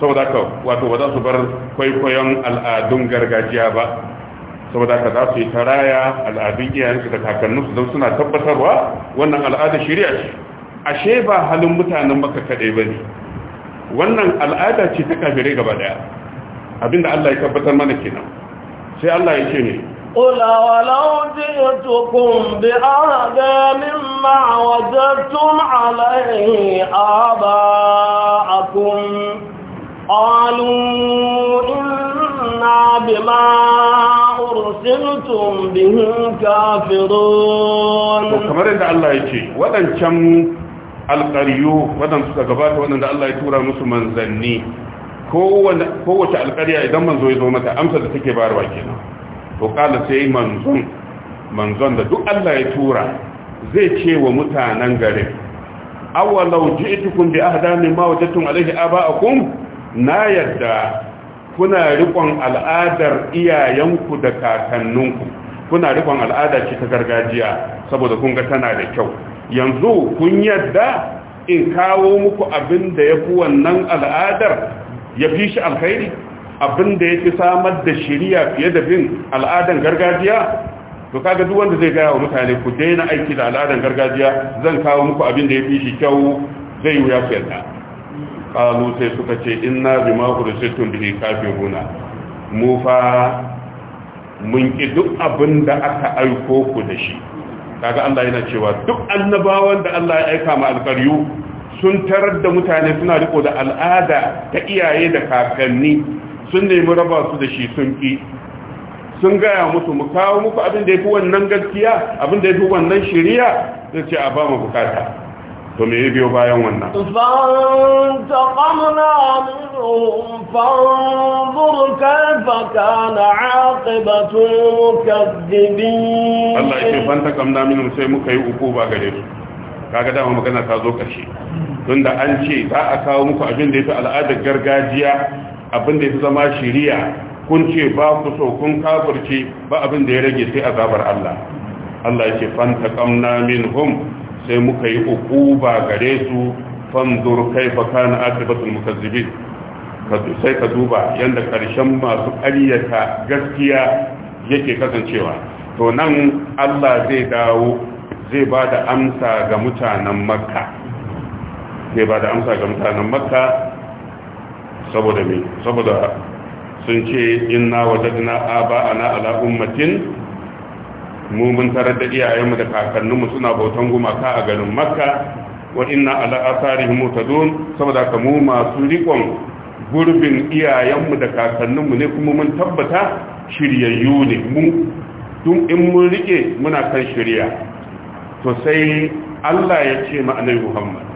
saboda ka wato ba za su bar kwaikwayon al'adun gargajiya ba saboda ka za su yi taraya al'adun iyayensu da kakanninsu don suna tabbatarwa wannan al'adar shirya ce ashe ba halin mutanen maka ba ne. wannan al'ada ce ta kafirai gaba daya abinda Allah ya tabbatar mana kenan sai Allah ya ce ne qula wa law jitukum bi ahada mimma wajadtum alayhi abaakum qalu inna bima ursiltum bihi kafirun kamar yadda Allah yake wadancan alƙaryu waɗanda suka gabata waɗanda Allah ya tura musu manzanni kowace alƙarya idan manzo ya zo mata amsa da take bayarwa kenan to kala sai manzon manzon da duk Allah ya tura zai ce wa mutanen garin awalau ji'tukum bi ahda mimma wajadtum alayhi aba'akum na yadda kuna riƙon al'adar iyayenku da kakanninku kuna riƙon al'ada ce ta gargajiya saboda kun ga tana da kyau yanzu kun yadda in kawo muku abin da ya fi wannan al'adar ya fi shi alkhairi abin da ya fi samar da shirya fiye da bin al'adan gargajiya to kaga duk wanda zai gaya wa mutane ku daina aiki da al'adar gargajiya zan kawo muku abin da ya fi shi kyau zai yi ya yadda. kalu sai suka ce inna bi ma kursitun bihi kafiruna mu fa mun ki duk abin da aka aiko ku da shi kaga Allah yana cewa duk annabawan da Allah ya aika ma alƙaryu sun tarar da mutane suna riko da al'ada ta iyaye da kakanni sun nemi raba su da shi sun ki sun gaya musu mu kawo muku abin da ya fi wannan gaskiya abin da ya fi wannan shiriya sai ce a ba mu bukata to me ya biyo bayan wannan فانتقمنا منهم فانظر كيف كان Allah المكذبين الله يكي فانتقمنا منهم sai muka yi ukuba gare su kaga dama magana ta zo ƙarshe tunda an ce za a kawo muku abin da ya fi al'adar gargajiya abin da ya fi zama shiriya kun ce ba ku so kun kafurce ba abin da ya rage sai azabar Allah Allah ya ce fanta kamna minhum sai muka yi ukuba gare su fanzur kaifa kana akibatul mukazzibin sai ka duba yanda karshen masu ƙaryata gaskiya yake kasancewa to nan Allah zai dawo zai ba da amsa ga mutanen makka zai ba da amsa ga mutanen makka saboda me saboda sun ce inna wajadna aba'ana ala ummatin mu mun tarar da iyayenmu da kakanninmu suna bautan gumaka a garin makka wa inna ala asarihim mutadun saboda ka mu masu rikon gurbin iyayenmu da kakanninmu ne kuma mun tabbata shiryayyu ne mu tun in mun rike muna kan shirya to sai Allah ya ce ma annabi Muhammad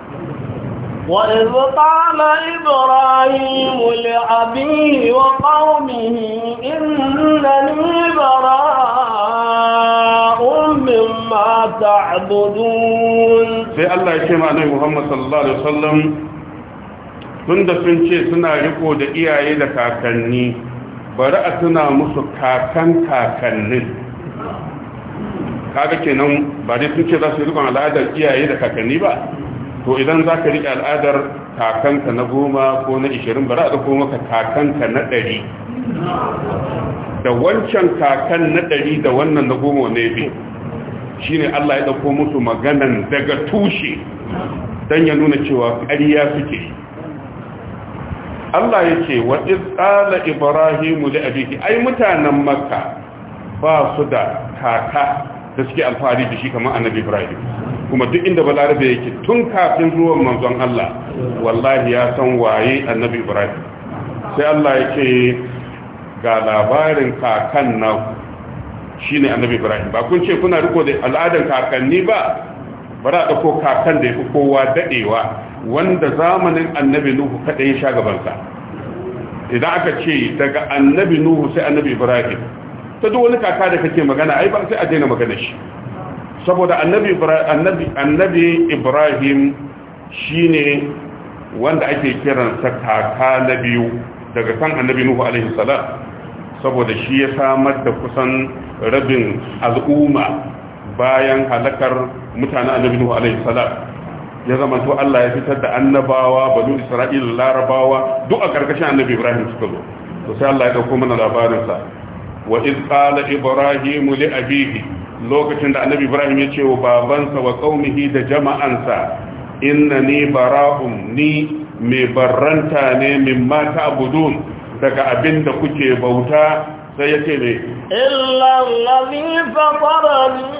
وإذ قال إبراهيم لأبيه وقومه إنني براء مما تعبدون في الله يكيم عليه محمد صلى الله عليه وسلم da sun ce suna riko da iyaye da kakanni bari a tuna musu kakan kakannin kaga kenan ba dai sun ce za su rikon al'adar iyaye da kakanni ba to idan za ka riƙe al'adar kakanka na goma ko na ishirin ba za a ɗauko maka kakanka na ɗari da wancan kakan na ɗari da wannan na goma ne bi shi ne allah ya ɗauko musu maganan daga tushe don ya nuna cewa ƙarya suke allah ya ce wa ƙala ibrahimu da abiki ai mutanen maka ba su da kaka da suke alfahari da shi kamar annabi ibrahim kuma duk inda balarabe yake tun kafin zuwan manzon Allah wallahi ya san waye annabi ibrahim sai Allah yake ga labarin kakan na shine annabi ibrahim ba kun ce kuna riko da al'adar kakanni ba bara da ko kakan da yafi kowa dadewa wanda zamanin annabi nuhu kada ya sha gabansa idan aka ce daga annabi nuhu sai annabi ibrahim ta duk wani kaka da kake magana ai ba sai a daina magana shi saboda annabi ibrahim shine wanda ake kiransa kaka na biyu daga kan annabi nuhu alaihi salam saboda shi ya samar da kusan rabin al'umma bayan halakar mutanen annabi nuhu alaihi salam ya zama to Allah ya fitar da annabawa banu isra'ila larabawa duk a karkashin annabi ibrahim suka zo to sai Allah ya dauko mana labarinsa wa iz qala ibrahim li abihi lokacin da annabi ibrahim ya ce wa babansa wa kaumihi da jama'ansa Inna ni bara'un ni mai barranta ne min mata ta'budun daga abin da kuke bauta sai ya ce ne illa allazi fatarani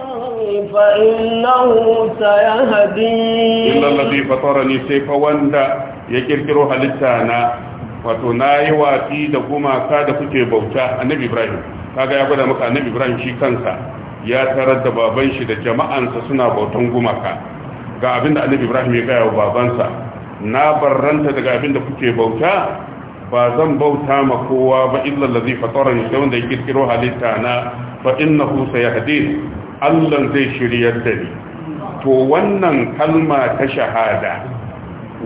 fa innahu sayahdi illa allazi fatarani sai fa wanda ya kirkiro halitta na wato nayi wafi da ka da kuke bauta annabi ibrahim kaga ya gwada maka annabi ibrahim shi kansa ya tarar da baban shi da jama'ansa suna bautan gumaka ga abinda annabi ibrahim ya gaya wa babansa na barranta daga abinda kuke bauta ba zan bauta ma kowa ba illa allazi fatarani da wanda ya kirkiro halitta na fa innahu sayahdin Allah zai shiryar da ni to wannan kalma ta shahada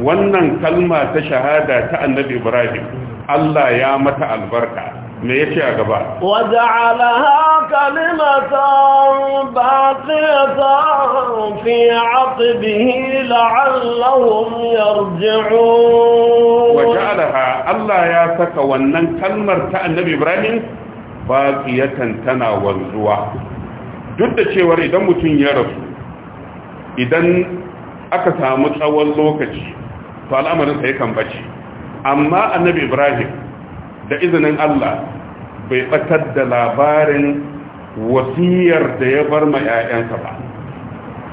wannan kalma ta shahada ta annabi ibrahim Allah ya mata albarka me yace a gaba waja'alaha kalimatan baqiyatan fi 'aqibihi la'allahum yarji'un waja'alaha Allah ya saka wannan kalmar ta Annabi Ibrahim baƙiyatan tana wanzuwa duk da cewar idan mutum ya rasu idan aka samu tsawon lokaci to al'amarinsa yakan bace amma annabi ibrahim da izinin allah bai batar da labarin wasiyar da ya bar ma 'ya'yansa ba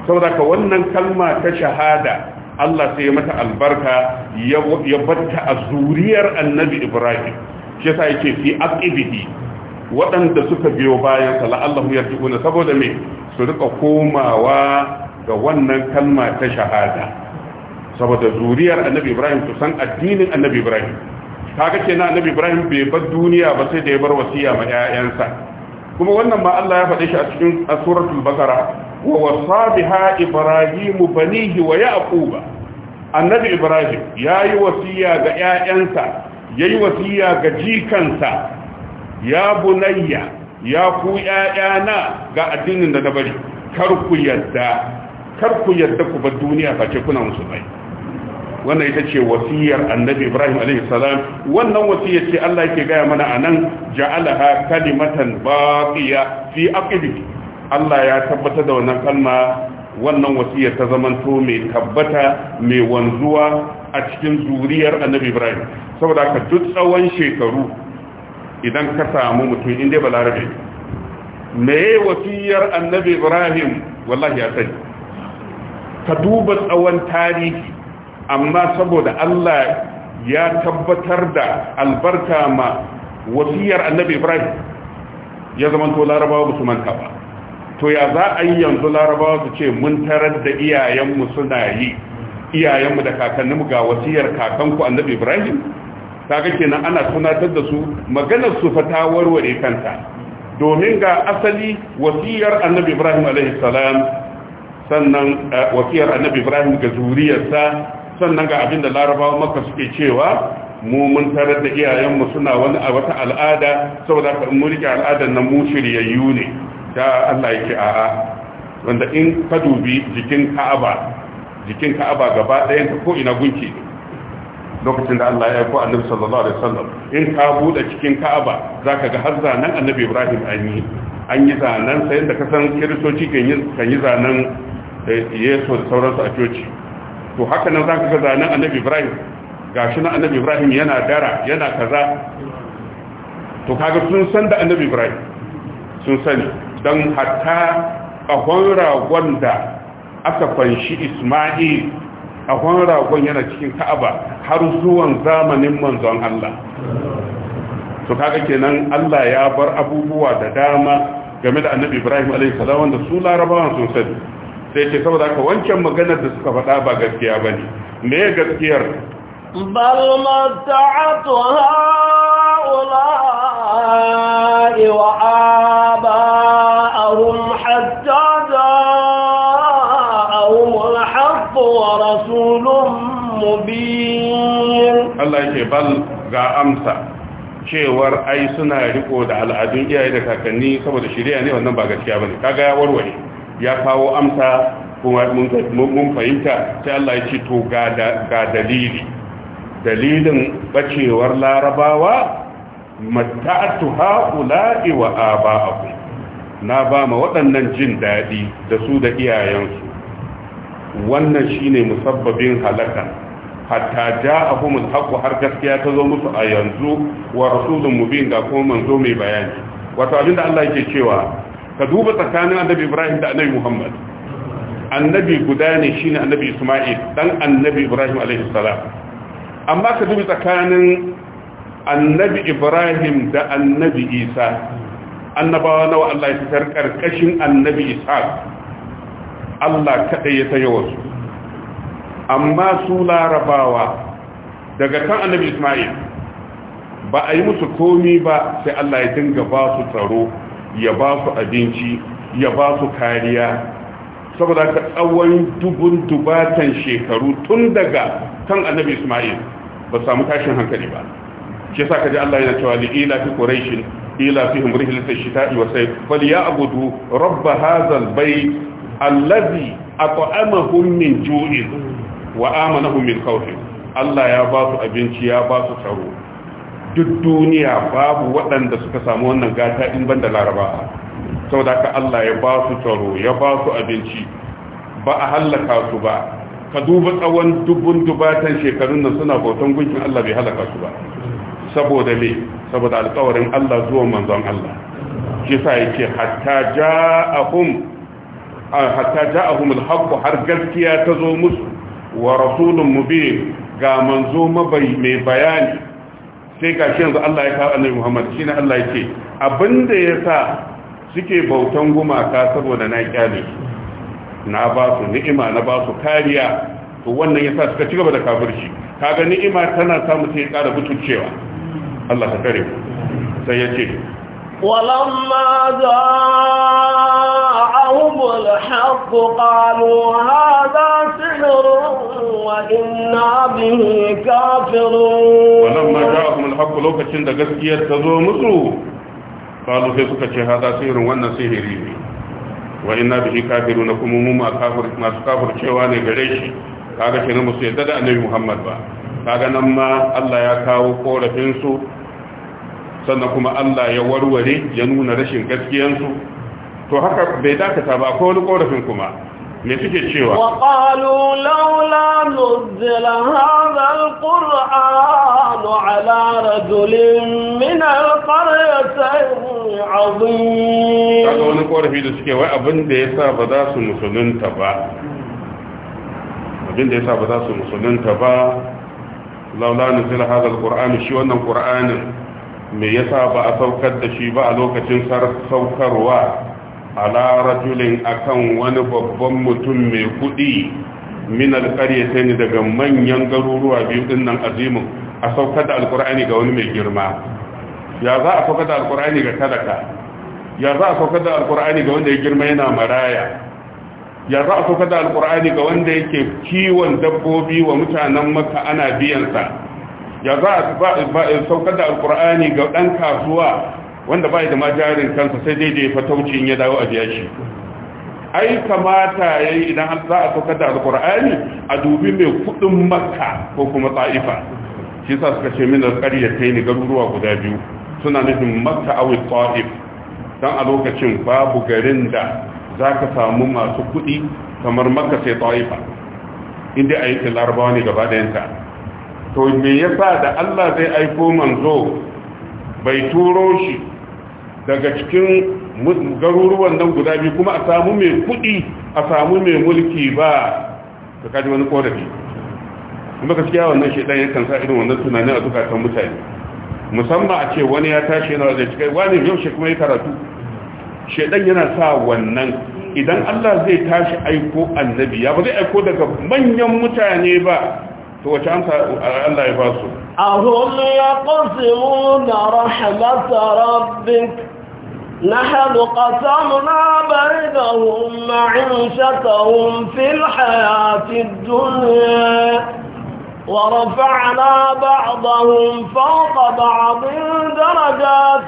saboda ka wannan kalma ta shahada Allah sai mata albarka ya batta a zuriyar annabi Ibrahim shi yasa yake fi aqibihi waɗanda suka biyo bayan sa la'allahu yarjiuna saboda me su rika komawa ga wannan kalma ta shahada saboda zuriyar annabi Ibrahim su san addinin annabi Ibrahim kaga kenan annabi ibrahim bai bar duniya ba sai da ya bar wasiya ma ƴaƴansa kuma wannan ma Allah ya faɗe shi a cikin suratul bakara wa wasa biha ibrahim banihi wa yaquba annabi ibrahim yayi wasiya ga ƴaƴansa yayi wasiya ga jikansa ya bunayya ya ku ƴaƴana ga addinin da na bari kar ku yadda kar ku yadda ku bar duniya face kuna musulmai wannan ita ce wasiyar annabi ibrahim alaihi salam wannan wasiyar ce Allah yake gaya mana anan ja'alaha kalimatan baqiya fi aqibi Allah ya tabbata da wannan kalma wannan wasiyar ta zamanto mai tabbata mai wanzuwa a cikin zuriyar annabi ibrahim saboda ka duk tsawon shekaru idan ka samu mutum inda balarabe me wasiyar annabi ibrahim wallahi ya sani ka duba tsawon tarihi amma saboda Allah ya tabbatar da albarka ma wasiyar annabi ibrahim ya zama to larabawa ba su manta ba to ya za a yi yanzu larabawa su ce mun tarar da iyayenmu suna yi iyayenmu da kakanninmu ga wasiyar kakanku annabi ibrahim kaga kenan ana tunatar da su maganar su fata warware kanta domin ga asali wasiyar annabi ibrahim alaihi salam sannan eh, wasiyar annabi ibrahim ga zuriyarsa sannan ga abinda larabawa maka suke cewa mu mun tarar da iyayenmu suna wani a wata al'ada saboda ka mun rike al'adar nan mu shiryayyu ne ta Allah yake a'a wanda in ka dubi jikin Ka'aba jikin Ka'aba gaba ɗayan ta ko ina gunki lokacin da Allah ya yi ko Annabi sallallahu alaihi wasallam in ka bude cikin Ka'aba zaka ga har zanan Annabi Ibrahim an yi an yi zanen sai da ka san kiristoci kan yi zanen eh, Yesu da sauransu a coci to haka nan za ka ga zanen annabi ibrahim gashi na annabi ibrahim yana dara yana kaza to kaga sun san da annabi ibrahim sun sani don hatta ƙahon ragon da aka fanshi isma'il ƙahon ragon yana cikin ka'aba har zuwan zamanin manzon allah to kaga kenan allah ya bar abubuwa da dama game da annabi ibrahim alaihissalam wanda su larabawan sun sani sai ce saboda ka wancan maganar da suka faɗa ba gaskiya ba ne me gaskiyar bal mata'atu ha'ula'i wa aba'ahum hatta al-haqq wa rasulun mubin Allah yake bal ga amsa cewar ai suna riko da al'adun iyaye da kakanni saboda shirya ne wannan ba gaskiya bane kaga ya warware ya kawo amsa kuma mun fahimta sai Allah ya ce to ga dalili dalilin bacewar larabawa matta'atu haula'i wa aba'akum na ba ma waɗannan jin daɗi da su da iyayensu wannan shine musabbabin halaka hatta ja'ahum al-haqqu har gaskiya ta zo musu a yanzu wa rasulun mubin ga kuma manzo mai bayani wato abinda Allah yake cewa ka duba tsakanin annabi ibrahim da annabi muhammad annabi guda ne shine annabi isma'il dan annabi ibrahim alaihi salam amma ka duba tsakanin annabi ibrahim da annabi isa annabawa nawa Allah ya fitar karkashin annabi isa Allah kadai ya ta yawansu amma su larabawa daga kan annabi isma'il ba a yi musu komi ba sai Allah ya dinga ba su tsaro ya ba su abinci ya ba su kariya saboda ka tsawon dubun dubatan shekaru tun daga kan annabi ismail ba samu tashin hankali ba shi yasa kaji Allah yana cewa li ila fi quraish ila fihim rihlat ash-shita'i wa sayf falyabudu rabb hadha al-bayt allazi at'amahum min ju'in wa amanahum min khawf Allah ya ba su abinci ya ba su tsaro duk duniya babu waɗanda suka samu wannan gata in banda laraba saboda haka Allah ya ba su tsaro ya ba su abinci ba a hallaka su ba ka duba tsawon dubun dubatan shekarun nan suna bautan gunkin Allah bai halaka su ba saboda me saboda alƙawarin Allah zuwa manzon Allah shi sa yake hatta ja'ahum hatta ja'ahum al har gaskiya ta zo musu wa rasulun mubin ga manzo mabai mai bayani sai kashi shi yanzu Allah ya kawo annabi Muhammad shi ne Allah ya ce, abinda ya sa suke bautan gumaka saboda na kyale na ba su ni'ima na ba su kariya to wannan ya sa suka ci gaba da kafirci kaga ni'ima tana samu sai ya kara butulcewa Allah ka kare sai yace walamma za الحق قالوا هذا سحر وإنا به كافرون ولما جاءهم الحق لو كتشن دا غسكية تزو مصر قالوا في سكتش هذا سحر وانا سحري وإنا به كافرون كم مما كافر ما كافر شواني غريش kaga kenan musu yadda da annabi Muhammad ba kaga nan ma Allah ya kawo korafin su sannan kuma Allah ya warware ya nuna rashin gaskiyansu to haka bai dakata ba ko wani korafin kuma me suke cewa wa qalu laula nuzila hadha alquran ala rajulin min alqaryatayn azim kaga wani korafi da suke wai abin da ya sa ba za su musulunta ba abin da ya sa ba za su musulunta ba laula nuzila hadha alquran shi wannan mai ya sa ba a saukar da shi ba a lokacin saukarwa ala rajulin akan wani babban mutum mai kudi min alƙarya ne daga manyan garuruwa biyu din nan azimin a saukar da alƙur'ani ga wani mai girma ya za a saukar da alƙur'ani ga talaka ya za a saukar da alƙur'ani ga wanda ya girma yana maraya ya za a saukar da alƙur'ani ga wanda yake kiwon dabbobi wa mutanen maka ana biyansa ya za a saukar da alƙur'ani ga ɗan kasuwa wanda ba da ma jarin kansa sai dai dai fatauci in ya dawo a biya shi ai kamata yayi idan an za a saukar da alqur'ani a dubi mai kudin makka ko kuma ta'ifa shi sa suka ce min alqarya tayi ni garuruwa guda biyu suna nufin makka aw ta'if dan a lokacin babu garin da zaka samu masu kudi kamar makka sai ta'ifa inda ayi larabawa ne gaba ɗayanta to me yasa da Allah zai aiko manzo bai turo shi daga cikin garuruwan nan guda biyu kuma a samu mai kuɗi a samu mai mulki ba ka kaji wani korafi kuma gaskiya wannan shaidan ya kansa irin wannan tunanin a zukatan mutane musamman a ce wani ya tashi yana da cikai wani yau shi kuma ya karatu shaidan yana sa wannan idan Allah zai tashi aiko annabi ya ba zai aiko daga manyan mutane ba to wace amsa Allah ya ba su ahum yaqsimuna rahmat rabbik نحن قسمنا بينهم معيشتهم في الحياة الدنيا ورفعنا بعضهم فوق بعض درجات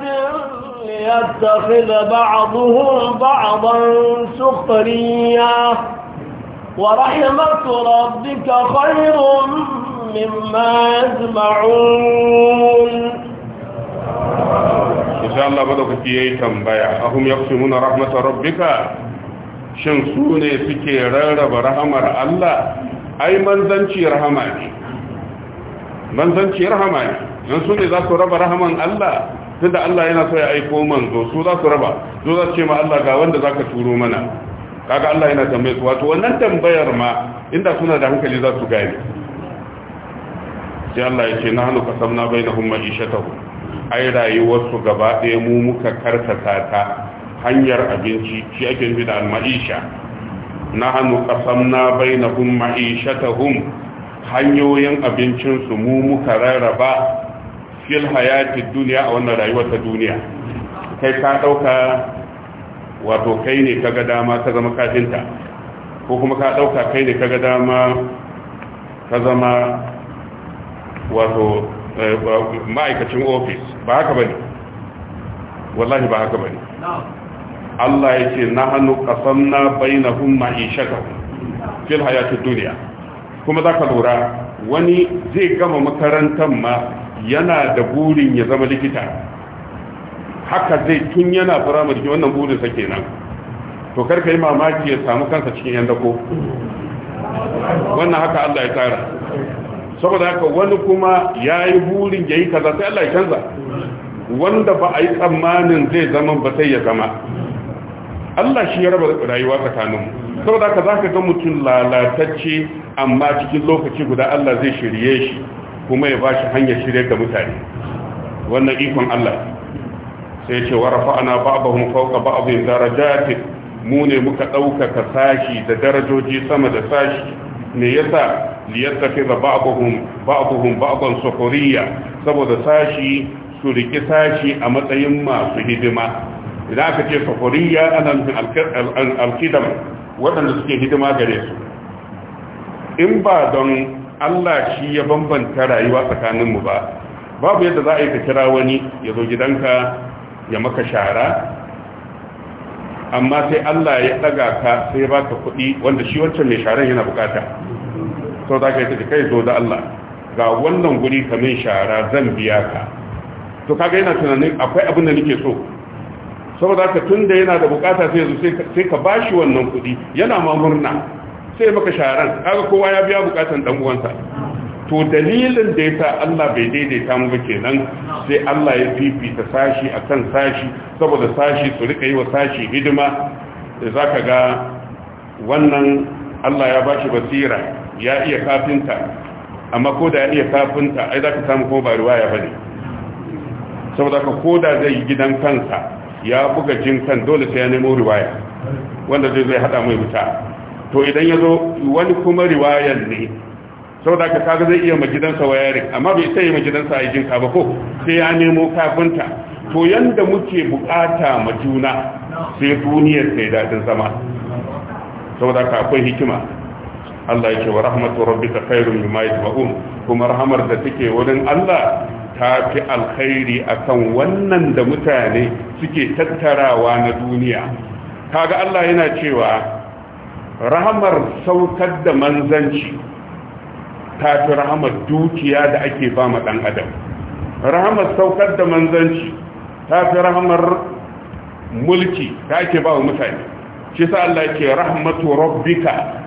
ليتخذ بعضهم بعضا سخريا ورحمة ربك خير مما يجمعون sai Allah kuke yi tambaya ahum yaqsimuna rahmatar rabbika shin su ne suke rarraba rahamar Allah ai manzanci rahama ne manzanci rahama ne dan su ne za su raba rahaman Allah tunda Allah yana so ya aiko manzo su za su raba zo za su ce ma Allah ga wanda zaka turo mana kaga Allah yana tambaye su wato wannan tambayar ma inda suna da hankali za su gane sai Allah ya ce na hannu kasamna bainahum ma'ishatahu ai rayuwarsu gaba ɗaya mu muka karkata ta hanyar abinci shi ake nufi da al-ma'isha nahnu qasamna bainahum ma'ishatahum hanyoyin abincinsu mu muka rarraba fil hayati duniya a wannan rayuwar ta duniya kai ka dauka wato kai ne kaga dama ka zama kafinta ko kuma ka dauka kai ne kaga dama ka zama wato ma'aikacin ofis ba haka bane wallahi ba haka bane Allah ya ce na hannu kasan bai na hun ma'ishaka fil hayatun duniya kuma za ka lura wani zai gama makarantar ma yana da burin ya zama likita haka zai tun yana mulki wannan burinsa kenan to ka yi mamaki ya samu kansa cikin yan dako wannan haka Allah ya tsara saboda haka wani kuma ya yi burin ya yi kaza sai Allah ya canza wanda ba a yi tsammanin zai zama ba sai ya zama Allah shi ya raba rayuwa tsakaninmu saboda haka za ka ga mutum lalatacce amma cikin lokaci guda Allah zai shirye shi kuma ya bashi hanyar shirye da mutane wannan ikon Allah sai ce wa rafa'ana ba'dahum fawqa ba'dhin darajatin mu ne muka ɗaukaka sashi da darajoji sama da sashi me yasa liyattafi da ba'abuhum ba'abuhum ba'aban saboda sashi su riki sashi a matsayin masu hidima idan aka ce sukuriya ana nufin alkidam waɗanda suke hidima gare su in ba don Allah shi ya bambanta rayuwa tsakaninmu ba babu yadda za a yi ka kira wani ya zo gidanka ya maka shara amma sai Allah ya ɗaga ka sai ba ka kuɗi wanda shi wancan mai sharan yana bukata sau da ka yi ta kai zo da Allah ga wannan guri kamin shara zan biya ka to kaga yana tunanin akwai abin da nake so saboda ka tun da yana da bukata sai yanzu sai ka bashi wannan kudi yana ma murna sai maka sharan kaga kowa ya biya bukatan dan uwansa to dalilin da yasa Allah bai daidaita mu ba kenan sai Allah ya fifita sashi akan sashi saboda sashi su rika yi wa sashi hidima da zaka ga wannan Allah ya bashi basira ya iya kafinta amma ko da ya iya kafinta ai za ka samu ko ba riwaya ba ne saboda ka ko da zai yi gidan kansa ya buga jin kan dole sai ya nemo riwaya wanda zai zai hada mai wuta to idan ya zo wani kuma riwayar ne saboda ka kaga zai iya ma gidansa wayarin amma bai sai ma gidansa a jin ka ba ko sai ya nemo kafinta to yanda muke bukata ma juna sai duniyar sai dadin zama saboda ka akwai hikima Allah yake wa rahmatu rabbika khairun mimma yajma'un kuma rahamar da take wurin Allah ta fi alkhairi akan wannan da mutane suke tattarawa na duniya kaga Allah yana cewa rahamar saukar da manzanci ta fi rahamar dukiya da ake ba ma dan adam rahamar saukar da manzanci ta fi rahamar mulki da ake ba wa mutane shi sa Allah yake rahmatu rabbika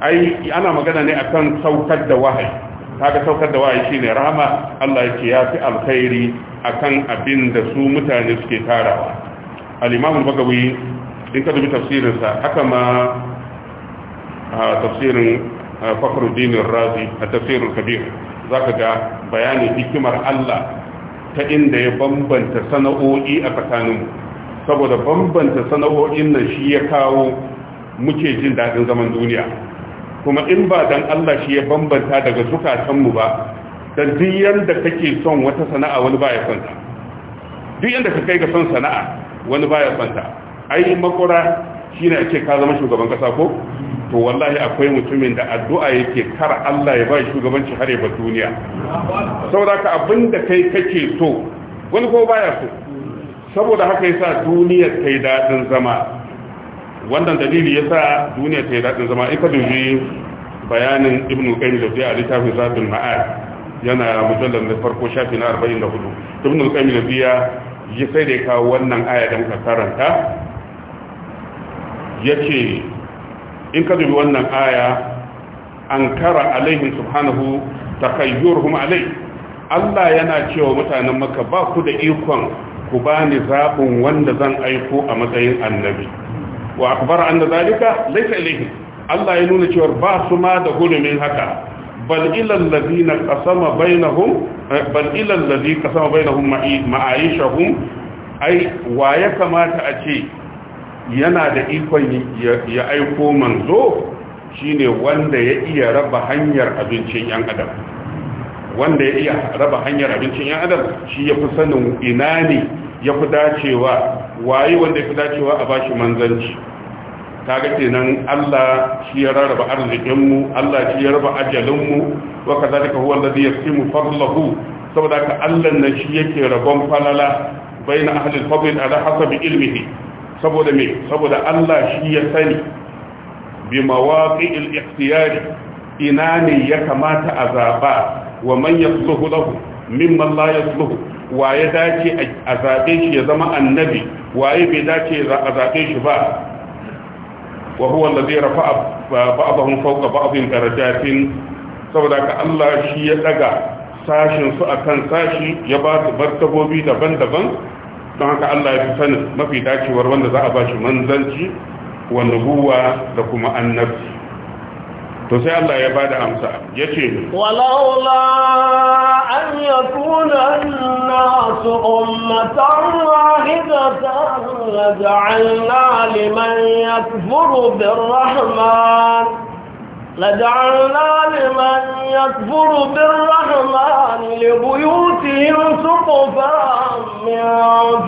ai ana magana ne akan saukar da wahayi kaga saukar da wahayi shine rahama Allah yake yafi alkhairi akan abin da su mutane suke tarawa al-Imam bagawi in ka dubi tafsirin sa haka ma tafsirin Fakhruddin razi a tafsir al-Kabir zaka ga bayani hikimar Allah ta inda ya bambanta sana'o'i a tsakaninmu saboda bambanta sana'o'in nan shi ya kawo muke jin daɗin zaman duniya kuma in ba dan Allah shi ya bambanta daga zukatanmu ba dan duk yanda kake son wata sana'a wani baya son ta duk yanda ka kai ga son sana'a wani baya son ta ai makura shine ake ka zama shugaban kasa ko to wallahi akwai mutumin da addu'a yake kar Allah ya ba shugabanci har ya ba duniya saboda ka abinda kai kake so wani ko baya so saboda haka yasa duniyar kai dadin zama wannan dalili ya sa duniya ta yi daɗin zama in ka dubi bayanin ibn qayyim da a littafin zafin ma'ad yana mujallar na farko shafi na 44 ibn qayyim da biya ya sai da kawo wannan aya da muka karanta ce in ka dubi wannan aya an kara alaihim subhanahu takayyurhum alai Allah yana cewa mutanen maka ba ku da ikon ku bani zaɓin wanda zan aiko a matsayin annabi wa akbara anna zalika laysa ilayhi Allah ya nuna cewa ba su ma da hurumin haka bal ila alladhina qasama bainahum eh, bal ila alladhi qasama bainahum ma'aishahum ai wa ya kamata a ce yana da ikon ya aiko manzo shine wanda ya iya raba hanyar abincin yan adam wanda ya iya raba hanyar abincin yan adam shi ya fi sanin ina ne ya fi dacewa waye wanda fi dacewa a bashi manzanci kaga kenan Allah shi ya rarraba arzikinmu Allah shi ya raba ajalinmu wa kazalika huwa alladhi yaqsimu fadlahu saboda ka Allah nan shi yake rabon falala baina ahli al-fadl ala hasabi ilmihi saboda me saboda Allah shi ya sani bi mawaqi'il ikhtiyari ina ne ya kamata a zaba wa man yasluhu lahu mimman la yasluhu waye dace a zaɓe shi ya zama annabi waye bai dace a zaɓe shi ba wa huwa allazi rafa'a ba'dahum fawqa ba'dhin darajatin saboda ka Allah shi ya daga sashin su akan sashi ya ba su martabobi daban-daban don haka Allah ya fi sanin mafi dacewar wanda za a ba shi manzanci wa nubuwa da kuma annabi. to sai Allah ya bada amsa yace walaula an yakuna an-nas ummatan wahidatan laj'alna liman yakfuru birrahman laj'alna لجعلنا لمن يكفر بالرحمن suqufan min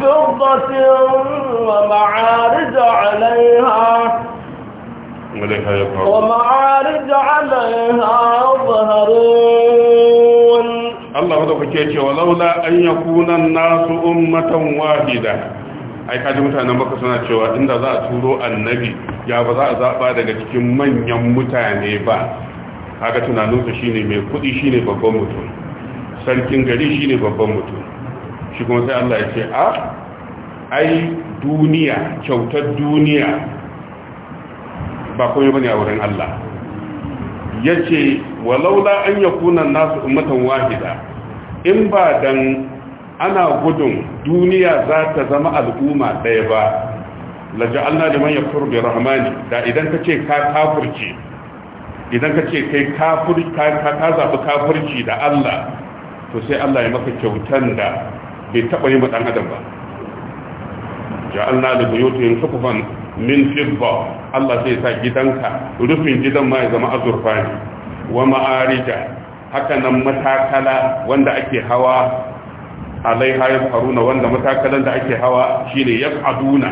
fiddatin wa ma'arij 'alayha عليها يظهرون ومعارج عليها يظهرون الله هذا فكيتي ولولا أن يكون الناس أمة واحدة ai kaji mutanen baka suna cewa inda za a turo annabi ya ba za a zaɓa daga cikin manyan mutane ba haka tunaninsu shine mai kuɗi shine babban mutum sarkin gari shine babban mutum shi kuma sai Allah ya ce a ai duniya kyautar duniya ba yi bane a wurin Allah yace walaula an yakuna nasu ummatan wahida in ba dan ana gudun duniya za ta zama al'umma daya ba laja'alna liman yakfur bi rahmani da idan ce ka kafirci idan ce kai kafir ka ka zabi kafirci da Allah to sai Allah ya maka kyautan da bai taba yi ma dan adam ba ja'alna li buyutihim sukufan min fidda Allah zai sa gidanka rufin gidan ma ya zama azurfa ne wa ma'arija haka nan matakala wanda ake hawa alaiha faruna wanda matakalan da ake hawa shine yasaduna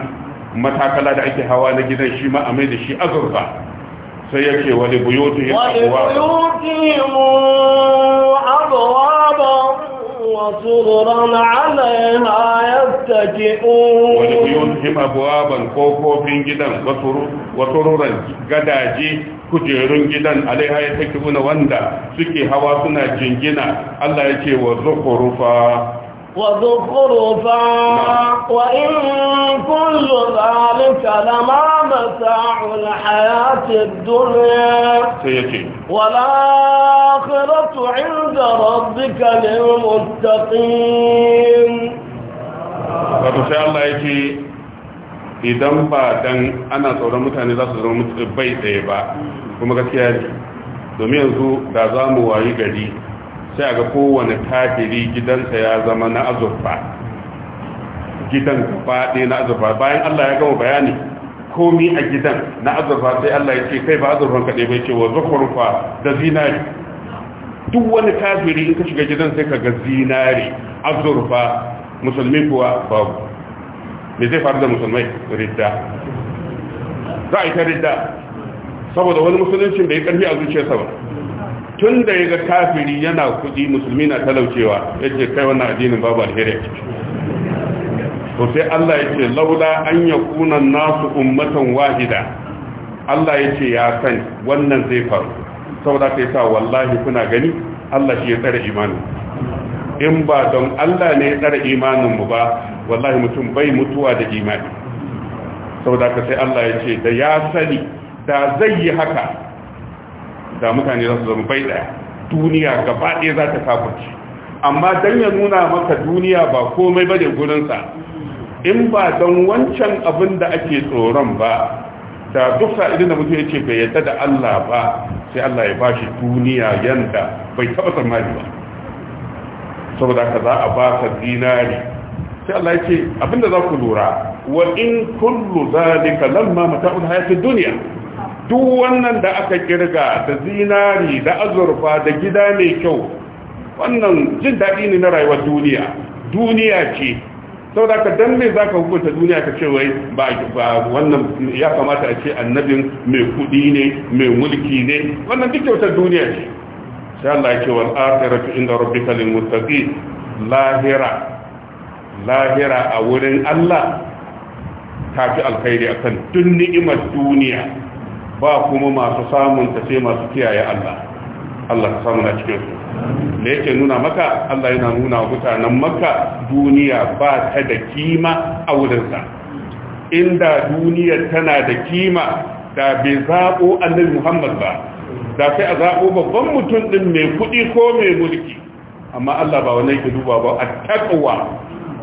matakala da ake hawa na gidan shi ma a mai da shi azurfa sai yake wani buyutihim abwa وسررا عليها يتكئون وليلهم أبوابا كوكوفين جدا وسررا قداجي kujerun gidan alaiha ya take wanda suke hawa suna jingina Allah ya ce wa zukurufa وزخرفا وإن كل ذلك لما متاع الحياة الدنيا والآخرة عند ربك للمتقين idan ba dan ana tsoron mutane za su zama bai tsaye ba kuma gaskiya ne domin yanzu da za mu wayi gari sai a ga kowane kafiri gidansa ya zama na azurfa gidan faɗi na azurfa bayan Allah ya gama bayani komi a gidan na azurfa sai Allah ya ce kai ba azurfan kaɗai bai ce wa zukurfa da zinari duk wani kafiri in ka shiga gidan sai ka ga zinari azurfa musulmi kuwa babu me zai faru da musulmai ridda za a yi ta ridda saboda wani musuluncin bai karfi a zuciyarsa ba tun da ya ga kafiri yana kudi musulmi na talaucewa ya ce kai wannan addinin babu alheri ciki to sai Allah ya ce laula an ya kuna nasu ummatan wahida Allah ya ce ya san wannan zai faru saboda sai sa wallahi kuna gani Allah shi ya tsare imanin in ba don Allah ne ya tsare imanin mu ba wallahi mutum bai mutuwa da imani saboda sai Allah ya ce da ya sani da zai yi haka da mutane za su zama bai daya duniya gaba ɗaya za ta kafurci amma don ya nuna maka duniya ba komai ba ne gurinsa in ba don wancan abin da ake tsoron ba da duk sa'idin da mutum ya ce bai yadda da Allah ba sai Allah ya bashi duniya yadda bai taɓa tsammani ba saboda ka za a ba ka zinari sai Allah ya ce abinda za ku lura wa in kullu zalika lamma mata'ul hayatid duniya? duk wannan da aka kirga da zinari da azurfa da gida mai kyau wannan jin daɗi ne na rayuwar duniya duniya ce sau da ka dan mai za ka hukunta duniya ka ce wai ba wannan ya kamata a ce annabin mai kuɗi ne mai mulki ne wannan duk kyautar duniya ce sai Allah ya ce wal akhiratu inda rabbika lil muttaqin lahira lahira a wurin Allah tafi alkhairi akan duk ni'imar duniya ba kuma masu samun ta sai masu kiyaye Allah Allah ka samu na cikin su da yake nuna maka Allah yana nuna mutanen maka duniya ba ta da kima a wurinsa inda duniya tana da kima da bai zaɓo annabi Muhammad ba da sai a zaɓo babban mutum ɗin mai kuɗi ko mai mulki amma Allah ba wani ke duba ba a taƙawa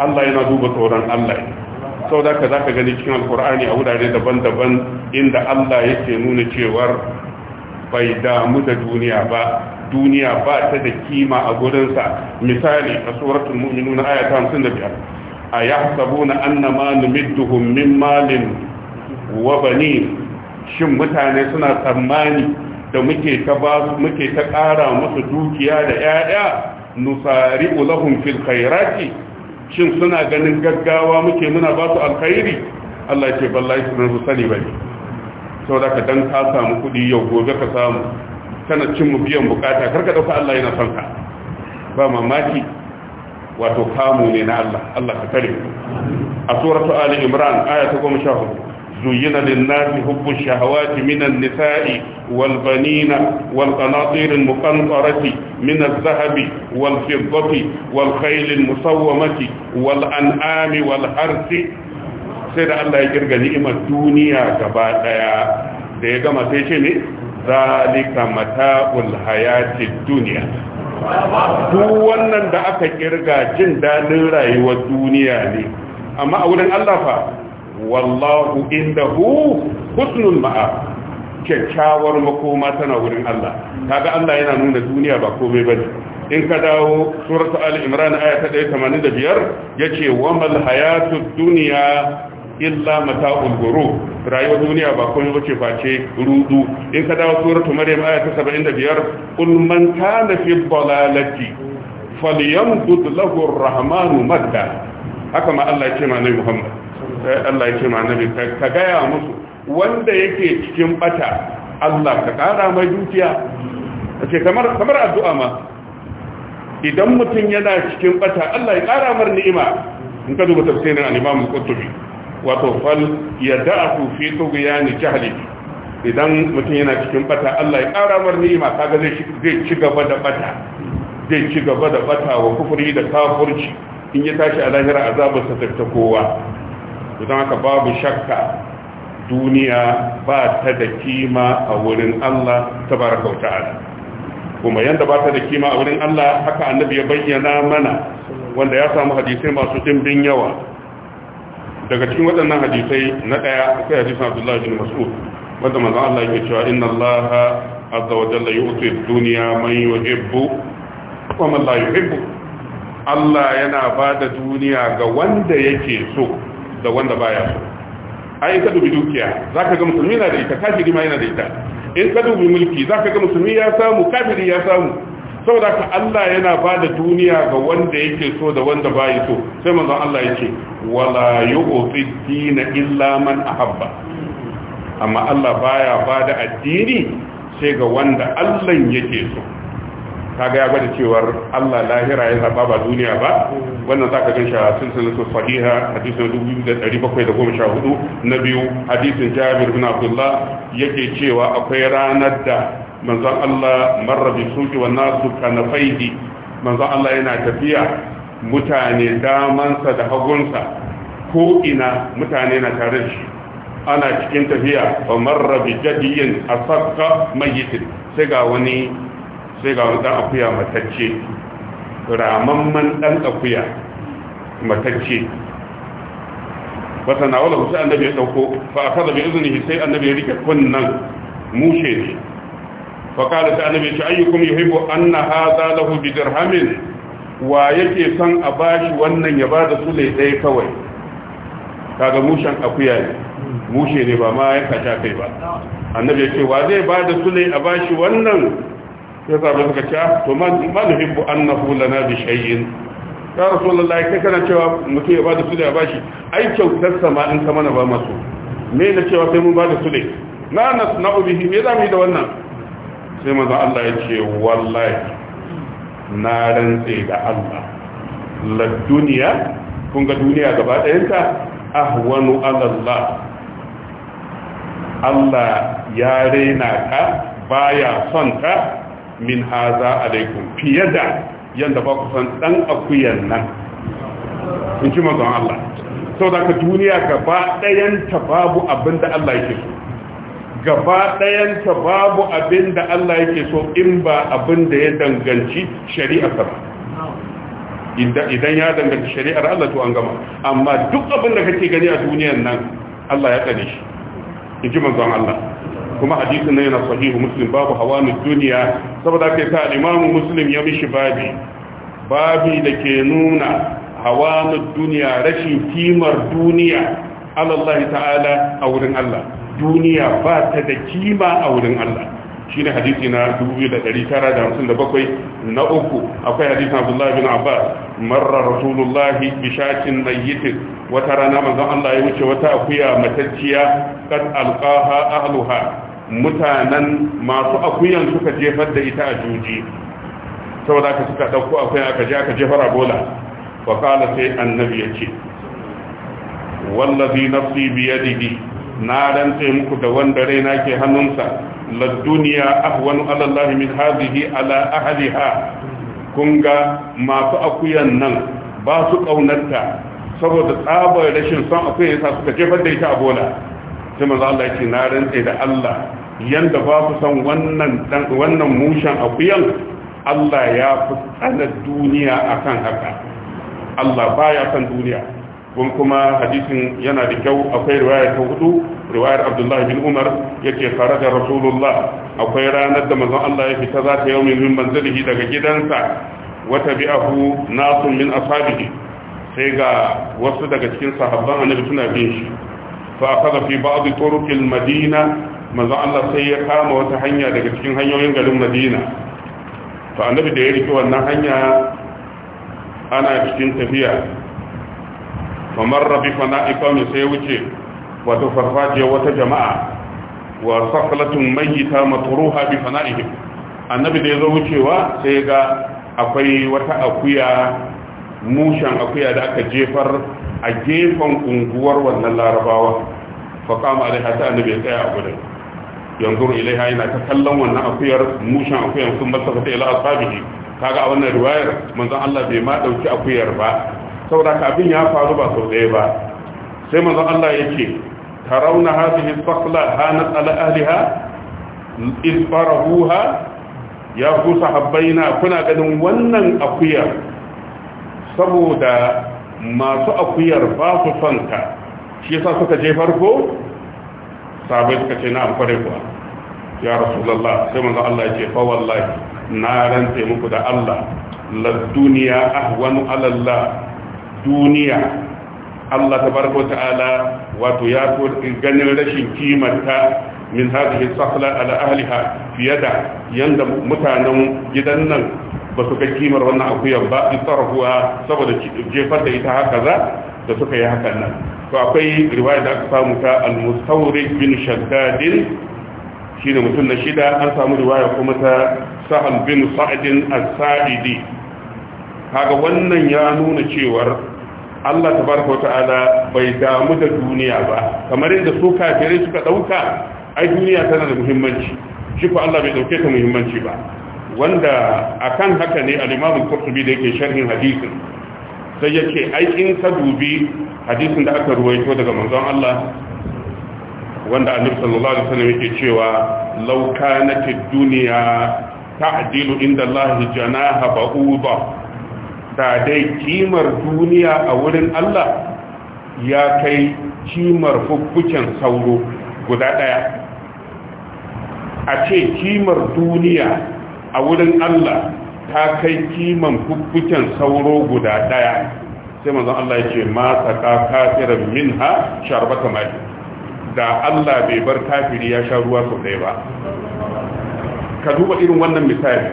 Allah yana duba tsoron Allah sau da ka za ka gani cikin alkur'ani a wurare daban-daban inda allah yake nuna cewar bai damu da duniya ba duniya ba ta da kima a gurinsa misali a suratul mu'minuna aya ta 55 a na annama numidduhum min malin wa shin mutane suna tsammani da muke ta ƙara musu dukiya da 'ya'ya Nusari lahum fil shin suna ganin gaggawa muke muna ba su alkhairi Allah ce ballahi sun su sani bane saboda ka dan ka samu kudi yau gobe ka samu kana cin mu biyan bukata karka dauka Allah yana son ka ba mamaki wato kamu ne na Allah Allah ka tare a suratu ali imran aya ta 14 زين للناس حب الشهوات من النساء والبنين والقناطير المقنطرة من الذهب والفضة والخيل المصومة والأنعام والحرث sai da Allah ya kirga ni'imar duniya gaba daya da ya gama sai ce ne zalika mata'ul hayatid duniya. Ku wannan da aka kirga jin daɗin rayuwar duniya ne amma a wurin Allah fa wallahu indahu husnul ma'a kyakkyawar makoma tana wurin Allah kaga Allah yana nuna duniya ba komai bane in ka dawo suratu al-imran aya ta 185 yace wamal hayatud dunya illa mata'ul ghurur rayuwar duniya ba komai bace face rudu in ka dawo suratu maryam aya ta 75 kul man kana fi dhalalati falyamdud lahu ar-rahmanu madda haka ma Allah ya ce ma Muhammad sai Allah yake ma annabi ka gaya musu wanda yake cikin bata Allah ka kara mai dukiya ce kamar kamar addu'a ma idan mutum yana cikin bata Allah ya kara mar ni'ima in ka duba tafsirin al-Imam Qurtubi wato fal yada'u fi tughyani jahli idan mutum yana cikin bata Allah ya kara mar ni'ima kaga zai zai ci gaba da bata zai ci gaba da bata wa kufuri da kafirci in ya tashi a lahira azabarsa ta kowa don haka babu shakka duniya ba ta da kima a wurin Allah ta bar wa kuma yanda ba ta da kima a wurin Allah haka annabi ya bayyana mana wanda ya samu hadisai masu dimbin yawa daga cikin waɗannan hadisai na ɗaya akwai hadisin Abdullah bin Mas'ud wanda manzon Allah yake cewa inna Allah azza wa jalla yu'ti ad-dunya man yuhibbu wa man la yuhibbu Allah yana bada duniya ga wanda yake so da wanda baya so ai in ka dubi dukiya za ka ga musulmi na da ita kafiri ma yana da ita in ka dubi mulki za ka ga musulmi ya samu kafiri ya samu saboda ka Allah yana ba da duniya ga wanda yake so da wanda bayi so sai manzon Allah yake wala yu'ti dina illa man ahabba amma Allah baya ba da addini sai ga wanda Allah yake so kaga ya gwada cewar Allah lahira ya zaba ba duniya ba wannan zaka gan shi a silsilatu sahiha hadisin 2714 na biyu hadisin Jabir bin Abdullah yake cewa akwai ranar da manzan Allah marra bi suqi wa nasu kanafaihi manzon Allah yana tafiya mutane damansa da hagunsa ko ina mutane na tare da shi ana cikin tafiya fa marra bi jadiyin asaqqa mayyitin sai ga wani sai ga wani dan akuya matacce ramamman ɗan akuya matacce wata na wala sai annabi ya dauko fa akaza bi iznihi sai annabi ya rike kunnan mushe ne fa qala sai annabi ya ce ayyukum yuhibbu anna hadha lahu bi dirhamin wa yake son a ba shi wannan ya bada su ne dai kawai kaga mushen akuya ne mushe ne ba ma ya kaca kai ba annabi ya ce wa zai bada su ne a ba shi wannan ya sa suka ce ah, to manuhibbu annahu lana bi shay'in ya rasulullahi kai kana cewa mutum ya bada su da bashi ai kyautar sama in ka mana ba masu me na cewa sai mun bada su da na nasna'u bihi me za mu yi da wannan sai manzon Allah ya ce wallahi na rantse da Allah la duniya kun ga duniya gaba ɗayanta ahwanu wani Allah Allah ya rena ka baya son ka min haza alaikum fiye da yadda ba ku san dan akuyan nan in ji mazan Allah sau da ka duniya gaba ɗayanta babu abin da Allah yake so gaba ɗayanta babu abin da Allah yake so in ba abin da ya danganci shari'ar ba idan ya danganci shari'ar Allah to an gama amma duk abin da kake gani a duniyan nan Allah ya tsare shi in ji mazan Allah kuma hadisin nan yana sahihu muslim babu hawani duniya saboda kai sa imamu muslim ya mishi babi babi da ke nuna hawani duniya rashin kimar duniya Allah ta'ala a wurin Allah duniya ba ta da kima a wurin Allah shine hadisi na 2957 na uku akwai hadisin Abdullahi bin Abbas marra Rasulullah bi shatin wata rana manzon Allah ya wuce wata akuya matacciya kad alqaha ahluha mutanen masu akuyan suka jefar da ita a juji saboda aka suka ɗauko akuya aka je aka jefar a bola Wakala sai annabi yace wallazi nafsi bi na rantse muku da wanda raina ke hannunsa la duniya ahwanu ala Allah min hadhihi ala ahliha kun ga masu akuyan nan ba su kaunarta saboda tsabar rashin son akuyan yasa suka jefar da ita a bola sai manzo Allah yake na rantse da Allah yanda ba su san wannan wannan mushan akuyan Allah ya fi tsana duniya akan haka Allah baya san duniya kun kuma hadisin yana da kyau akwai riwaya ta hudu riwayar abdullahi bin umar yake fara da rasulullah akwai ranar da manzon Allah ya fita za ta yau min manzilihi daga gidansa wata bi'ahu nasun min ashabihi sai ga wasu daga cikin sahabban annabi suna bin shi fa akaza fi ba'd turuqil madina manzon Allah sai ya kama wata hanya daga cikin hanyoyin garin madina to annabi da ya rike wannan hanya ana cikin tafiya kamar rabi fana ikonu sai wuce wata farfajiyar wata jama'a wa safalatun mayita maturuha bi fana annabi da ya zo wucewa sai ga akwai wata akuya mushen akuya da aka jefar a gefen unguwar wannan larabawa faƙama da hata annabi ya tsaya a gudun yanzu ilaiha yana ta kallon wannan akuyar mushen akuyar sun masa fata ila asabihi kaga a wannan riwayar manzon Allah bai ma dauki akuyar ba saboda ka abin ya faru ba sau ɗaya ba sai manzo Allah ya ce rauna hadhihi saqla hanat ala ahliha isfarahuha ya ku na kuna ganin wannan akuyar saboda masu akuyar ba su son ka shi yasa suka je farko sabai suka ce na amfare kuwa ya rasulullah sai manzo Allah ya ce fa wallahi na rantse muku da Allah la duniya ahwanu ala duniya Allah tabaraka ta'ala wato ya ganin rashin kimanta min hadhihi sahla ala ahliha fiye da yanda mutanen gidan nan ba su ga kimar wannan akuyar ba in tsarafuwa saboda jefar da ita haka za da suka yi hakan nan to akwai riwaya da aka samu ta al-mustawrid bin shaddadin shine mutum na shida an samu riwaya kuma ta sahal bin sa'din as-sa'idi kaga wannan ya nuna cewar Allah tabaraka wa ta'ala bai damu da duniya ba kamar yadda su kafirai suka ɗauka, ai duniya tana da muhimmanci shi ko Allah bai ɗauke ta muhimmanci ba wanda akan haka ne al-Imam Qurtubi da yake sharhin hadisin sai yake ai in ka dubi hadisin da aka ruwaito daga manzon Allah wanda Annabi sallallahu alaihi wasallam yake cewa law kanatid dunya ta'dilu inda Allah janaha ba'uba da dai kimar duniya a wurin Allah ya kai kimar fuffuken sauro guda ɗaya a ce kimar duniya a wurin Allah ta kai kimar fuffuken sauro guda ɗaya sai manzon Allah ya ce ma saka kafirin minha sharbata mai da Allah bai bar kafiri ya sha ruwa sau ɗaya ba ka duba irin wannan misali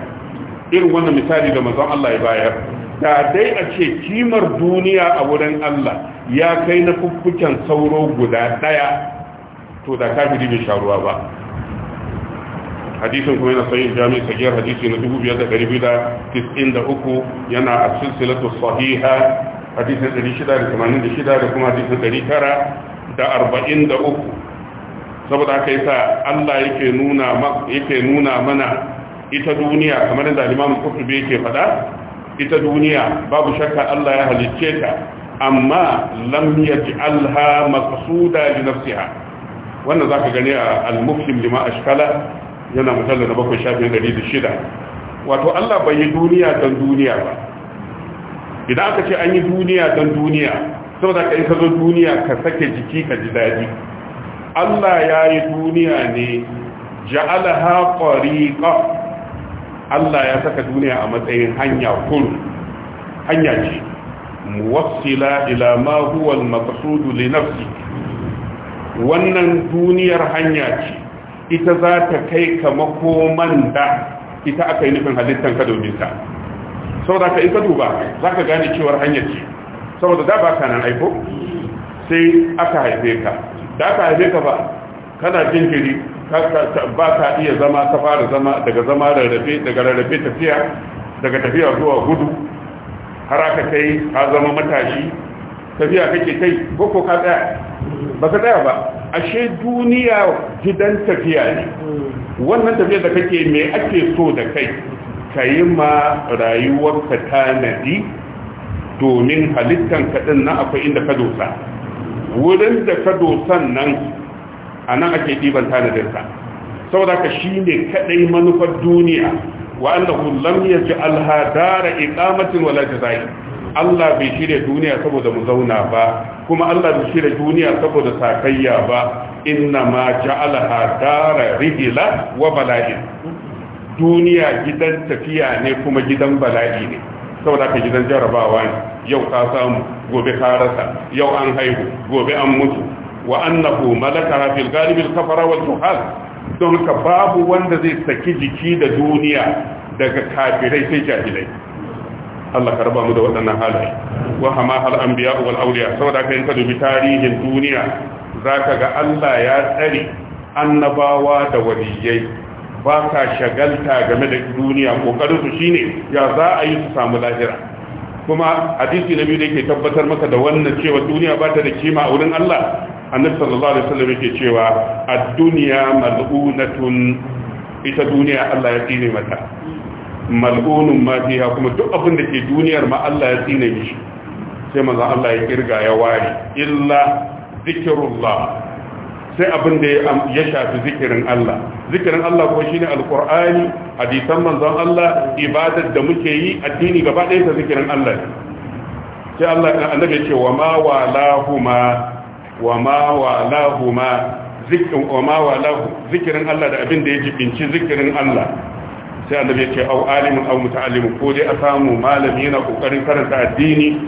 irin wannan misali da manzon Allah ya bayar da dai a ce kimar duniya a wurin Allah ya kai na fuffuken sauro guda daya to da ka bai sha ba hadisin kuma yana sayin jami sagiyar hadisi na uku yana a silsilatu sahiha hadisin 686 da kuma hadisin 943 saboda haka yasa Allah yake nuna yake nuna mana ita duniya kamar da Imam Qurtubi yake faɗa ita duniya babu shakka Allah ya halicce ta amma lam yaj'alha maqsuda li nafsiha wannan zaka gani a al-mufhim lima ashkala yana mujallal na bakwai shafin 106 wato Allah bai yi duniya dan duniya ba idan aka ce an yi duniya dan duniya saboda kai ka zo duniya ka sake jiki ka ji dadi Allah ya yi duniya ne ja'alaha qariqa Allah ya saka duniya a matsayin hanya kun hanya ce muwassila ila ma huwa al-maqsud li nafsi wannan duniyar hanya ce ita za ta kai ka makoman da ita aka yi nufin halittan ka domin ta saboda ka ita duba za ka gane cewar hanya ce saboda da ba ka nan aiko sai aka haife ka da aka haife ka ba kana jin jiri ba ka iya zama ta fara zama daga zama rarrafe daga rarrafe tafiya daga tafiya zuwa gudu har aka kai ka zama matashi tafiya kake kai ko ka tsaya ba ka tsaya ba ashe duniya gidan tafiya ne wannan tafiya da kake me ake so da kai ka yi ma rayuwarka tanadi domin halittan kaɗin na akwai inda ka dosa wurin da ka dosan nan a nan ake ɗiban tanadinsa saboda ka shi ne kaɗai manufar duniya wa annahu lam yaji alhadara iqamatin wala jazai Allah bai shirya duniya saboda mu zauna ba kuma Allah bai shirya duniya saboda sakayya ba inna ma ja'alaha dara rihla wa bala'in duniya gidan tafiya ne kuma gidan bala'i ne saboda ka gidan jarabawa ne yau ka samu gobe ka rasa yau an haihu gobe an mutu wa annahu malaka fil ghalib al kafara wal juhal don haka babu wanda zai saki jiki da duniya daga kafirai sai jahilai Allah ka raba mu da waɗannan halaye wa hama hal anbiya wal awliya saboda kai ka dubi tarihin duniya zaka ga Allah ya tsare annabawa da waliyai ba ka shagalta game da duniya kokarin su shine ya za a yi su samu lahira kuma hadisi na biyu da yake tabbatar maka da wannan cewa duniya ba ta da kima a wurin Allah annabi sallallahu alaihi wasallam yake cewa ad-dunya mal'unatun ita duniya Allah ya tsine mata mal'unun ma fiha kuma duk abin da ke duniyar ma Allah ya tsine shi. sai manzo Allah ya kirga ya ware illa zikrullah sai abin da ya shafi zikirin Allah zikirin Allah ko shine alqur'ani hadisan manzon Allah ibadar da muke yi addini gaba ɗaya ta zikirin Allah sai Allah annabi ya ce wa ma walahuma wa ma ma wa ma zikirin Allah da abin da ya jibinci zikirin Allah sai annabi ya ce au alimin au muta'allimin ko dai a samu malami yana kokarin karanta addini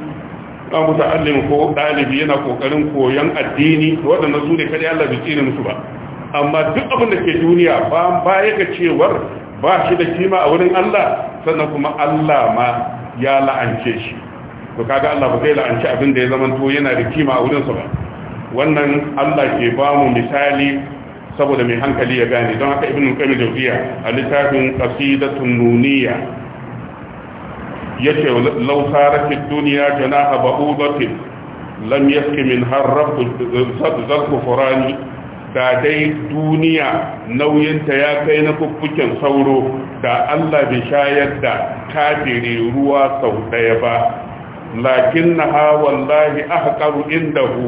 au muta'allimin ko dalibi yana kokarin koyon addini waɗanda su ne kadai Allah bai tsine musu ba amma duk abin da ke duniya ba baya ga cewar ba shi da kima a wurin Allah sannan kuma Allah ma ya la'ance shi to kaga Allah ba zai la'anci abin da ya zama to yana da kima a wurinsa ba wannan Allah ke ba mu misali saboda mai hankali ya gane don haka ibn qayyim jawziya a littafin qasidatun nuniyya yace law saratid dunya janaha ba'udatin lam yaski min harrab zalk furani da dai duniya nauyinta ya kai na kuffuken sauro da Allah bai shayar da kafiri ruwa sau daya ba lakin na wallahi aka karu inda hu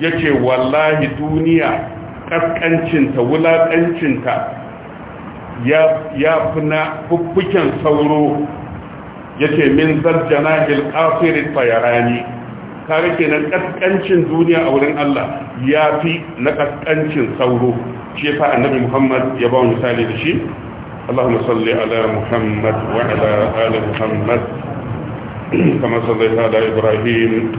yace wallahi duniya ƙasƙancinta wulaƙancinta ya fi na fuffuken sauro yace min zarjana ilkafirin fayarani kare ke na ƙasƙancin duniya a wurin Allah ya fi na ƙasƙancin sauro shi ya fa annabi muhammad ya ba misali da shi اللهم Muhammad, على محمد وعلى آل محمد كما صليت على Ibrahim.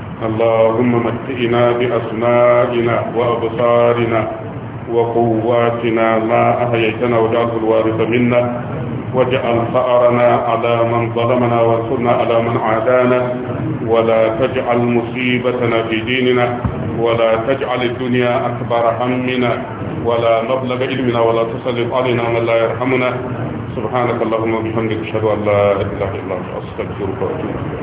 اللهم متئنا بأسمائنا وأبصارنا وقواتنا ما أحييتنا وجعله الوارث منا واجعل ثأرنا على من ظلمنا وانصرنا على من عادانا ولا تجعل مصيبتنا في ديننا ولا تجعل الدنيا أكبر همنا ولا مبلغ علمنا ولا تسلط علينا من لا يرحمنا سبحانك اللهم وبحمدك اشهد ان لا اله الا انت استغفرك واتوب اليك